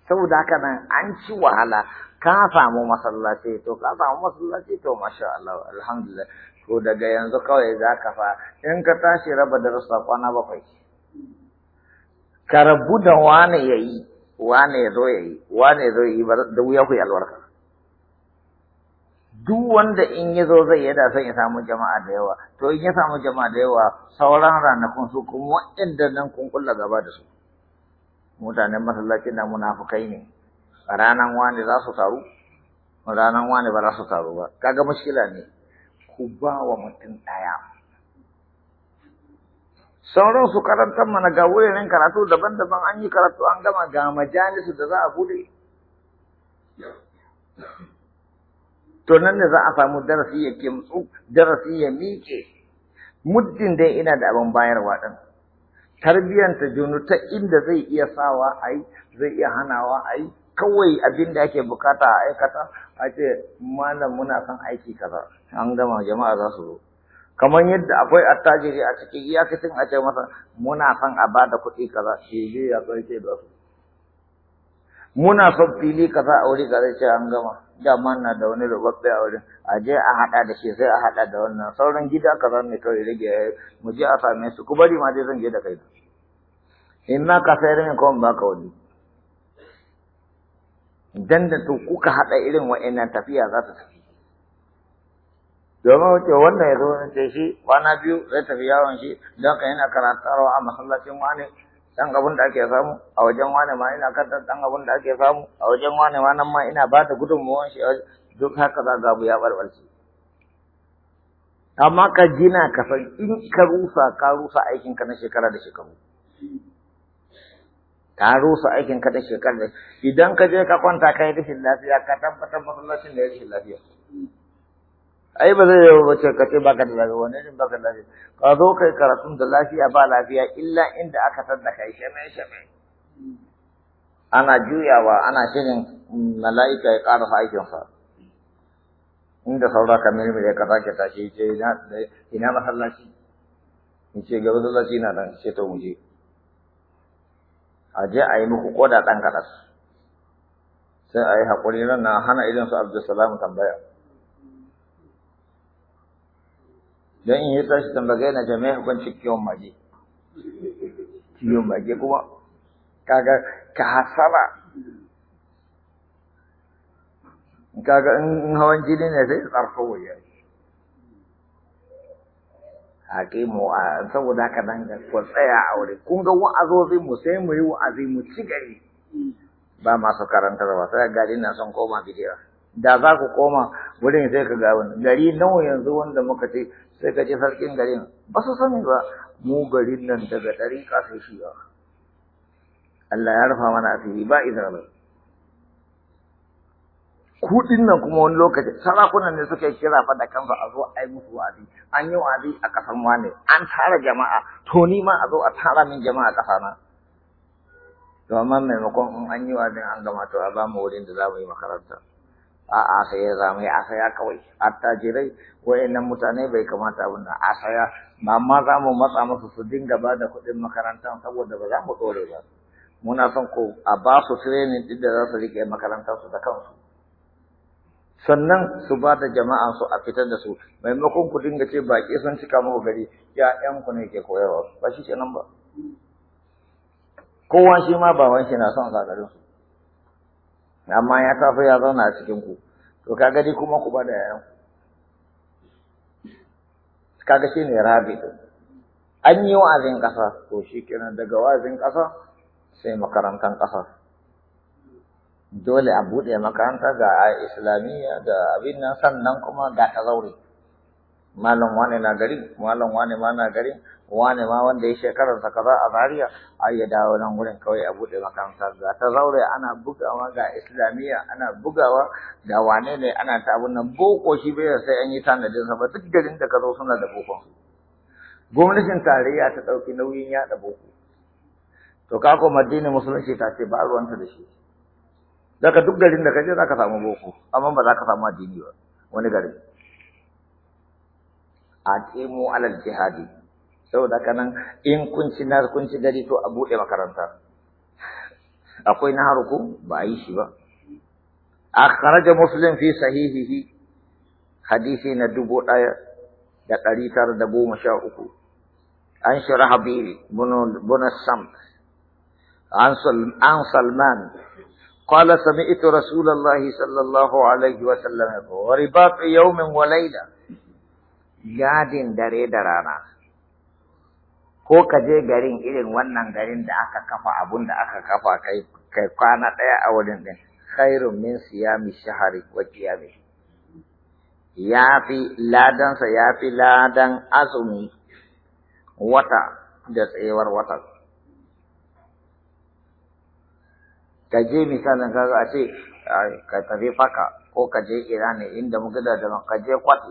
[SPEAKER 2] saboda haka nan an ci wahala ka samu masallaci to ka samu masallaci to masha Allah alhamdulillah Ko daga yanzu kawai za ka fa in ka tashi raba darussa kwana bakwai ka rabu da wane ya yi wane ya zo ya yi wane ya zo ya yi da wuya ku yi albarka duk wanda in ya zo zai yada son ya samu jama'a da yawa to in ya samu jama'a da yawa sauran ranakun su kuma waɗanda nan kun kulla gaba da su mutanen masallacin na munafukai ne ranan wani za su taru ranan wani ba za su taru ba kaga mashila ne ku ba wa mutum ɗaya sauran su karantar mana ga wurin karatu daban-daban an yi karatu an gama ga majalisu da za a bude to nan ne za a samu darasi ya kimtsu darasi ya miƙe muddin dai ina da abin bayarwa ɗin tarbiyyanta junu ta inda zai iya sawa a yi zai iya hanawa a yi kawai abin da ake bukata a aikata a ce malam muna kan aiki kaza an gama jama'a za su zo kamar yadda akwai attajiri a cikin iyakacin a ce masa muna son a bada kuɗi kaza shi je ya tsarke da su
[SPEAKER 1] muna son
[SPEAKER 2] fili kaza a wuri kaza ce an gama dama na da wani rubabbe a wurin a je a haɗa da shi sai a haɗa da wannan sauran gida kaza ne kawai rage eh, mu je a same su ku bari ma dai zan je da kai ina ka sayar min kawai ba ka wani dan to kuka haɗa irin wa'annan tafiya za ta tafi domin wuce wannan ya zo na ce shi kwana biyu zai tafi yawon shi don ka yana karatarwa a masallacin wani dan abun da ake samu a wajen wani ma ina kan dan abun da ake samu a wajen wani ma nan ma ina ba ta gudunmuwan shi duk haka za ga abu ya barbarci amma ka gina ka san in ka rusa ka rusa aikinka na shekara da shekaru ka rusa aikin ka da shekar da idan ka je ka kwanta ka yi rashin lafiya ka tabbatar masallacin da ya rashin lafiya ai ba zai yau bace ka ce baka da lafiya wani irin baka da lafiya ka zo kai karatun da lafiya ba lafiya illa inda aka tadda kai shame shame ana juyawa ana shirin mala'ika ya ƙara sa aikinsa inda saura ka mai mai ka sake tashi ce ina masallaci in ce ga masallaci na nan ce to muje. a je a yi muku koda ɗan kaɗas sai a yi haƙuri nan na hana idan su abdulsalam tambaya don in yi tashi tambaya na jami'a hukunci kiwon mage kiwon mage kuma kaga ka hasala kaga in hawan jini ne sai tsarfa waje a kimo a saboda haka dan ko tsaya a wuri kun ga wa'azozi mu sai mu yi wa'azi mu ci gari ba masu karanta ba sai ga na son koma bidiya da za ku koma wurin sai ka ga wani gari nawa yanzu wanda muka ce sai ka ji sarkin garin ba su sani ba mu garin nan daga ɗari kasa shi ba Allah ya rufa mana asiri ba izrabai kuɗin nan kuma wani lokaci sarakunan ne suke kira fa da kansu a zo a yi musu wa'azi an yi wa'azi a kasan wane an tara jama'a to ni ma a zo a tara min jama'a kasa na to amma maimakon in an yi wa'azi an gama to a bamu wurin da za mu yi makaranta a a za mu yi a saya kawai attajirai wayannan mutane bai kamata abin nan a saya amma za mu matsa musu su dinga ba da kuɗin makaranta saboda ba za mu ɗore ba muna son ko a ba su training ɗin da za su riƙe makarantarsu da kansu sannan su ba da jama'a su a fitar da su maimakon ku dinga ce baƙi sun cika muku gari ya'yanku ne ke koyarwa ba shi kenan ba kowa shi ma ba shi na son zagarin su amma ya tafi ya zauna a cikin ku to ka gadi kuma ku ba da yayan ku kaga rabi rabitu an yi wa'azin ƙasa to shi kenan daga wa'azin ƙasa sai makarantan ƙasa dole a buɗe makaranta ga islamiyya da abin nan sannan kuma ga ta zaure malam wane na gari malam wane ma na gari wane ma wanda ya shekarar sa kaza a Zaria ai ya dawo nan gurin kawai a buɗe makaranta ga ta zaure ana bugawa ga islamiyya ana bugawa da wane ne ana ta abun nan boko shi bai sai an yi tanadin sa ba duk garin da ka zo suna da boko gwamnatin tarayya ta ɗauki nauyin yaɗa boko to kako madina musulunci ta ce ba ruwanta da shi Daga duk garin da kaje za samu boko, amma ba za samu addini ba wani gari. A ƙimu alal jihadi, saboda haka nan in kun ci na kun ci gari to a buɗe makaranta. Akwai na haruku ba a yi shi ba. Akhraja Muslim fi sahihihi hadisi na dubu ɗaya da ɗari tara da goma sha uku. An shira bunu, bunu Sam, an Salman, قال سمعت رسول الله صلى الله عليه وسلم ورباط يوم وليلة yadin dare da rana ko ka je garin irin wannan garin da aka kafa abun da aka kafa kai kai kwana ɗaya a wurin din khairun min siyami shahari wa qiyami yafi ladan sa yafi ladan azumi wata da tsayewar wata ka je misalin kaga a ce ka tafi faka ko ka je irani inda muka da da ka je kwati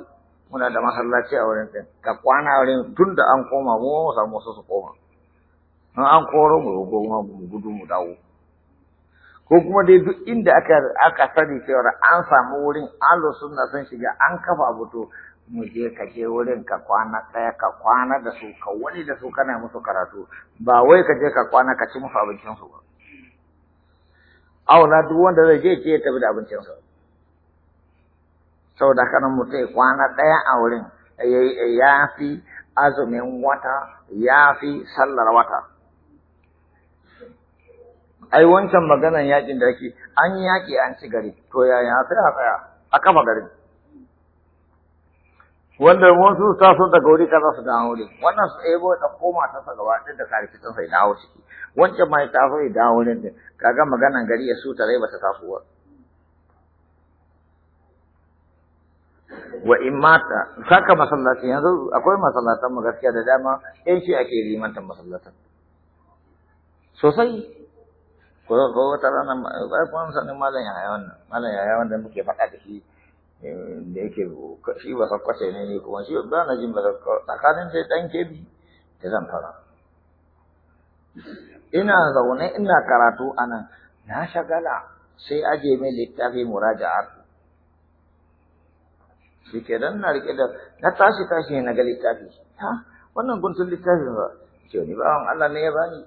[SPEAKER 2] muna da masallaci a wurin din ka kwana a wurin tun da an koma mu mu samu su su koma in an koro mu go mu gudu mu dawo ko kuma dai duk inda aka aka sani cewa an samu wurin alo sunna sun shiga an kafa abu to mu je ka je wurin ka kwana ɗaya ka kwana da su ka wani da su kana musu karatu ba wai ka je ka kwana ka ci musu abincin ba auna duk wanda zai je ce ya tafi da abincinsa da kanan mutum kwana ɗaya a wurin ya fi azumin wata ya fi sallar wata ai wancan maganan yakin da ake an yaki an ci gari to yaya sai a tsaya a kafa gari wanda wasu ta sun daga wuri kaza su dawo wurin wannan su ebo ta koma ta sa gaba ɗin da karfi ta sai dawo ciki wancan ma ta so ya dawo wurin din kaga maganan gari ya su ta rai bata taso ba
[SPEAKER 1] wa in mata saka
[SPEAKER 2] masallaci yanzu akwai masallatan mu gaskiya da dama yan shi ake limantan masallatan sosai ko ko ta rana ba ko sanin malam yaya wannan malam yaya wanda muke faɗa da shi da yake shi ba sakwace ne ne kuma shi ba na jin ba tsakanin sai dan kebi da zan fara ina zaune ina karatu anan na shagala sai aje mai littafi muraja'a shi ke dan na rike da na tashi tashi na ga littafi ha wannan guntun littafin ba ce ni ba Allah ne ya bani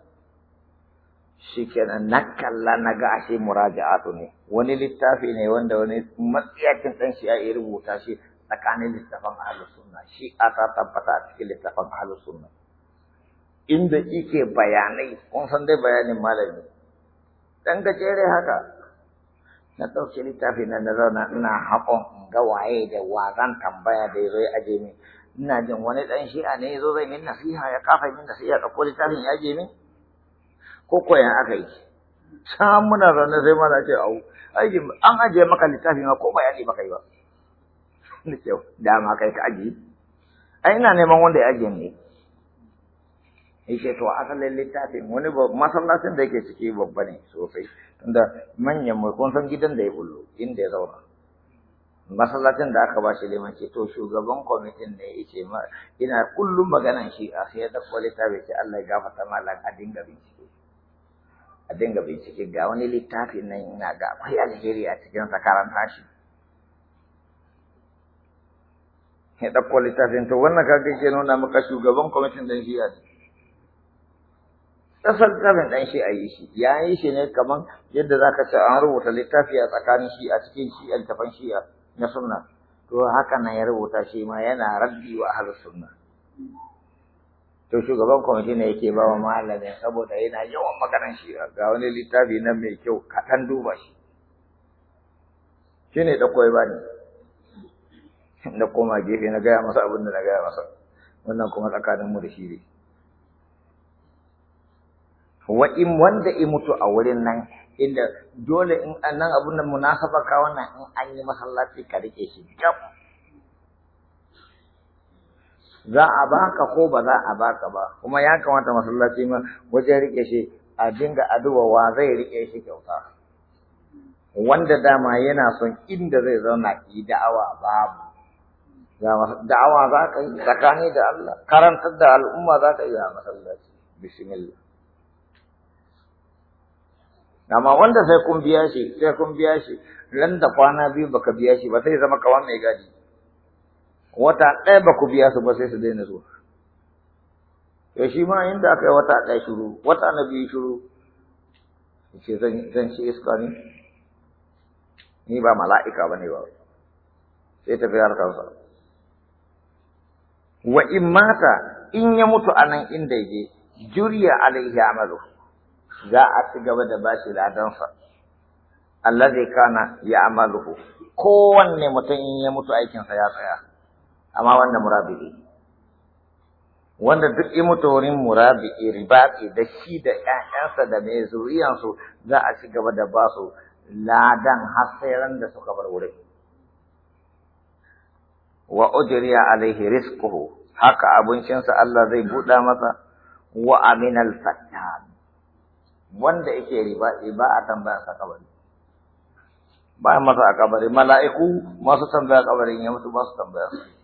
[SPEAKER 2] shi ke na kalla na ga ashe muraja'atu ne wani littafi ne wanda wani matsayakin ɗan shi'a ya rubuta shi tsakanin littafin ahlus sunna shi a ta tabbata a cikin littafin ahlus inda ike bayanai kun san dai bayanin malami dan gajere haka na ɗauki littafi na na zauna ina haƙon in ga waye da wazan tambaya da ya zo ya aje min ina jin wani ɗan shi'a ne ya zo zai min nasiha ya kafa min nasiha ɗauko littafin ya aje min ko koyan aka yi samuna muna ranar sai mana ce au aiki an ajiye maka littafi ma ko bayani maka yi ba da kyau [LAUGHS] dama kai ka ajiye ai ina neman wanda ya ajiye ne yake to asalin littafin wani masallacin da yake ciki babba ne sosai tunda manyan mai kun san gidan da ya bullo inda ya zauna masallacin da aka bashi liman ce to shugaban kwamitin ne ya ce ina kullum maganan shi a sai ya dakko littafi ce Allah ya gafarta malam a dinga bincike a dinga bincike ga wani littafi nan ina ga akwai alheri a cikin karanta shi ya ɗauko littafin to wannan kaga ke nuna maka shugaban kwamitin ɗan shi'a ne ƙasar ƙarin ɗan shi a yi shi ya yi shi ne kamar yadda za ka ce an rubuta littafi a tsakanin shi a cikin shi a tafan shi na sunna to haka nan ya rubuta shi ma yana rabbi wa ahlus sunna to shugaban kwamiti ne yake ba wa malamin saboda yana yawan maganar shi ga wani littafi nan mai kyau kaɗan duba shi shi ne da koyi ni? da koma gefe na gaya masa abin da na gaya masa wannan kuma tsakanin mu da shi ne wa in wanda i mutu a wurin nan inda dole in nan abun da munasaba ka wannan in an yi masallaci ka rike shi gab za a baka ko ba za a baka ba kuma ya kamata masallaci ma wajen rike shi a dinga addu'a wa zai rike shi kyauta wanda dama yana son inda zai zauna yi da'awa babu da'awa za ka yi tsakani da Allah karantar da al'umma za ka yi a masallaci bismillah dama wanda sai kun biya shi sai kun biya shi nan da kwana biyu baka biya shi ba sai zama kawan mai gadi wata ɗaya ba ku biya su ba sai su daina zuwa ya shi ma inda aka yi wata ɗaya shuru, wata na biyu shuru, ce zan ci iska ne ni ba mala'ika ba ne ba sai tafi harkarsa wa in mata in ya mutu a nan inda je juriya alaihi amalu za a ci gaba da bashi ladansa zai kana ya amalu, kowanne mutum in ya mutu aikinsa ya tsaya amma wanda murabi'i wanda duk yi mutu wurin murabi'i ribaɗi da shi da ƴaƴansa da mai zuriyansu za a ci gaba da ba su ladan hasiran da suka bar wurin wa ujriya alaihi rizquhu haka abincinsa Allah zai buɗa masa wa aminal fattan wanda yake riba ba a tambaya sa kabari ba masa a kabari mala'iku masu tambaya kabarin ya mutu ba su tambaya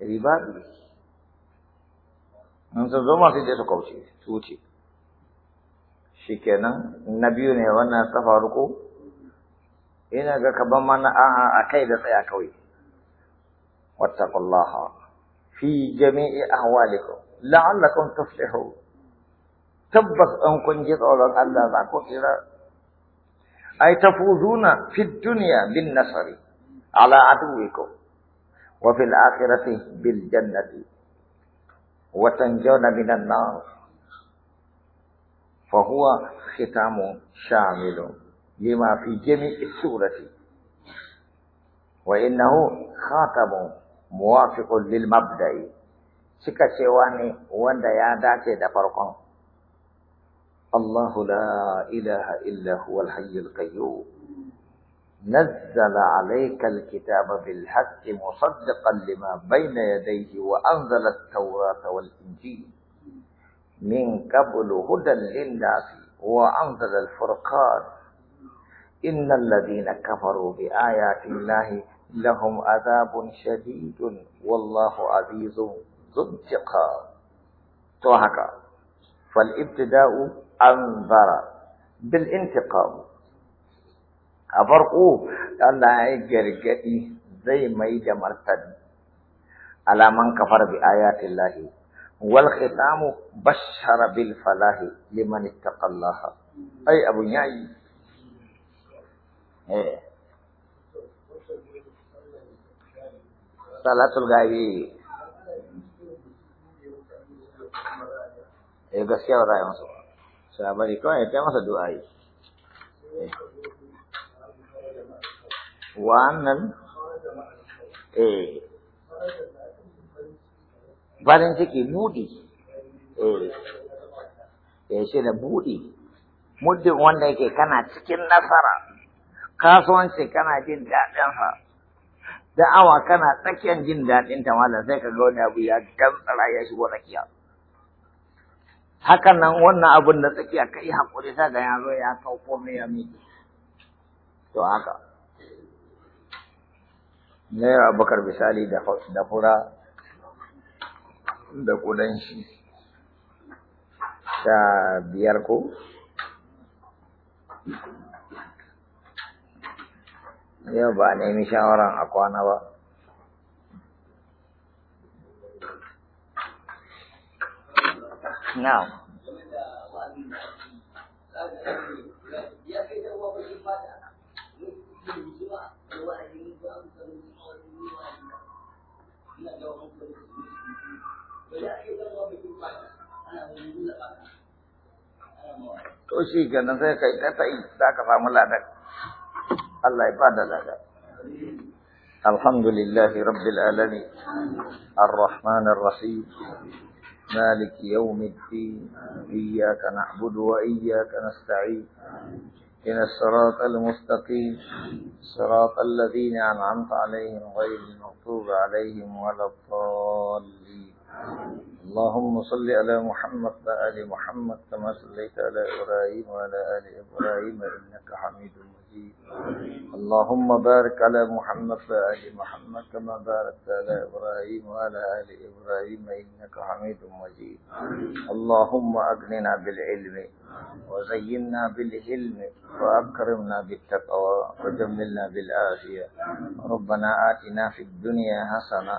[SPEAKER 2] ribaɗi in sun zo masu je su kauce su wuce shi na biyu ne wannan ta faru ko ina ga kaban mana a'a a kai da tsaya kawai wattaqullaha fi jami'i ahwalikum la'allakum hau. tabbas an kun tsoron Allah za ku tsira ai tafuzuna fi duniya bin nasari ala aduwikum وفي الآخرة بالجنة وتنجون من النار فهو ختام شامل لما في جميع السورة وإنه خاتم موافق للمبدأ cika شواني ne wanda ya dace da farkon Allahu la ilaha illa نزل عليك الكتاب بالحق مصدقا لما بين يديه وأنزل التوراة والإنجيل من قبل هدى للناس وأنزل الفرقان إن الذين كفروا بآيات الله لهم عذاب شديد والله عزيز ذو انتقام فالابتداء انظر بالانتقام a farko Allah ya gargadi zai mai da martani alaman kafar bi ayatin lahi wal khitamu bashara bil falahi liman ittaqallaha ai yayi
[SPEAKER 1] eh salatul
[SPEAKER 2] eh gaskiya ba za masa kawai ya kai masa du'a'i eh wannan eh farin ciki buɗi eh ya eh, shi da buɗi muddin wanda yake kana cikin nasara kasuwanci kana jin daɗinsa da'awa kana tsakiyar jin daɗin ta malam sai ka ga wani abu ya gantsara ya shigo tsakiya hakan nan wannan abun da tsakiya kai hakuri sa da ya zo ya sauko mai ya miƙe to haka naira bakar misali da fura da kudan shi sha biyar ko yau ba nemi shawaran a kwana ba na To shi ganin sai kai ta yi za samu ladan. Allah ya bada ladan. الحمد لله رب العالمين الرحمن الرحيم مالك يوم الدين إياك نعبد وإياك نستعين إن الصراط المستقيم صراط الذين أنعمت عليهم غير المغضوب عليهم ولا الضالين اللهم صل على محمد وآل محمد كما صليت على إبراهيم وعلى آل إبراهيم إنك حميد مجيد اللهم بارك على محمد وآل محمد كما باركت على
[SPEAKER 1] إبراهيم وعلى آل إبراهيم إنك حميد مجيد
[SPEAKER 2] اللهم أغننا بالعلم وزينا بالعلم وأكرمنا بالتقوى وجملنا بالعافية ربنا آتنا في الدنيا حسنة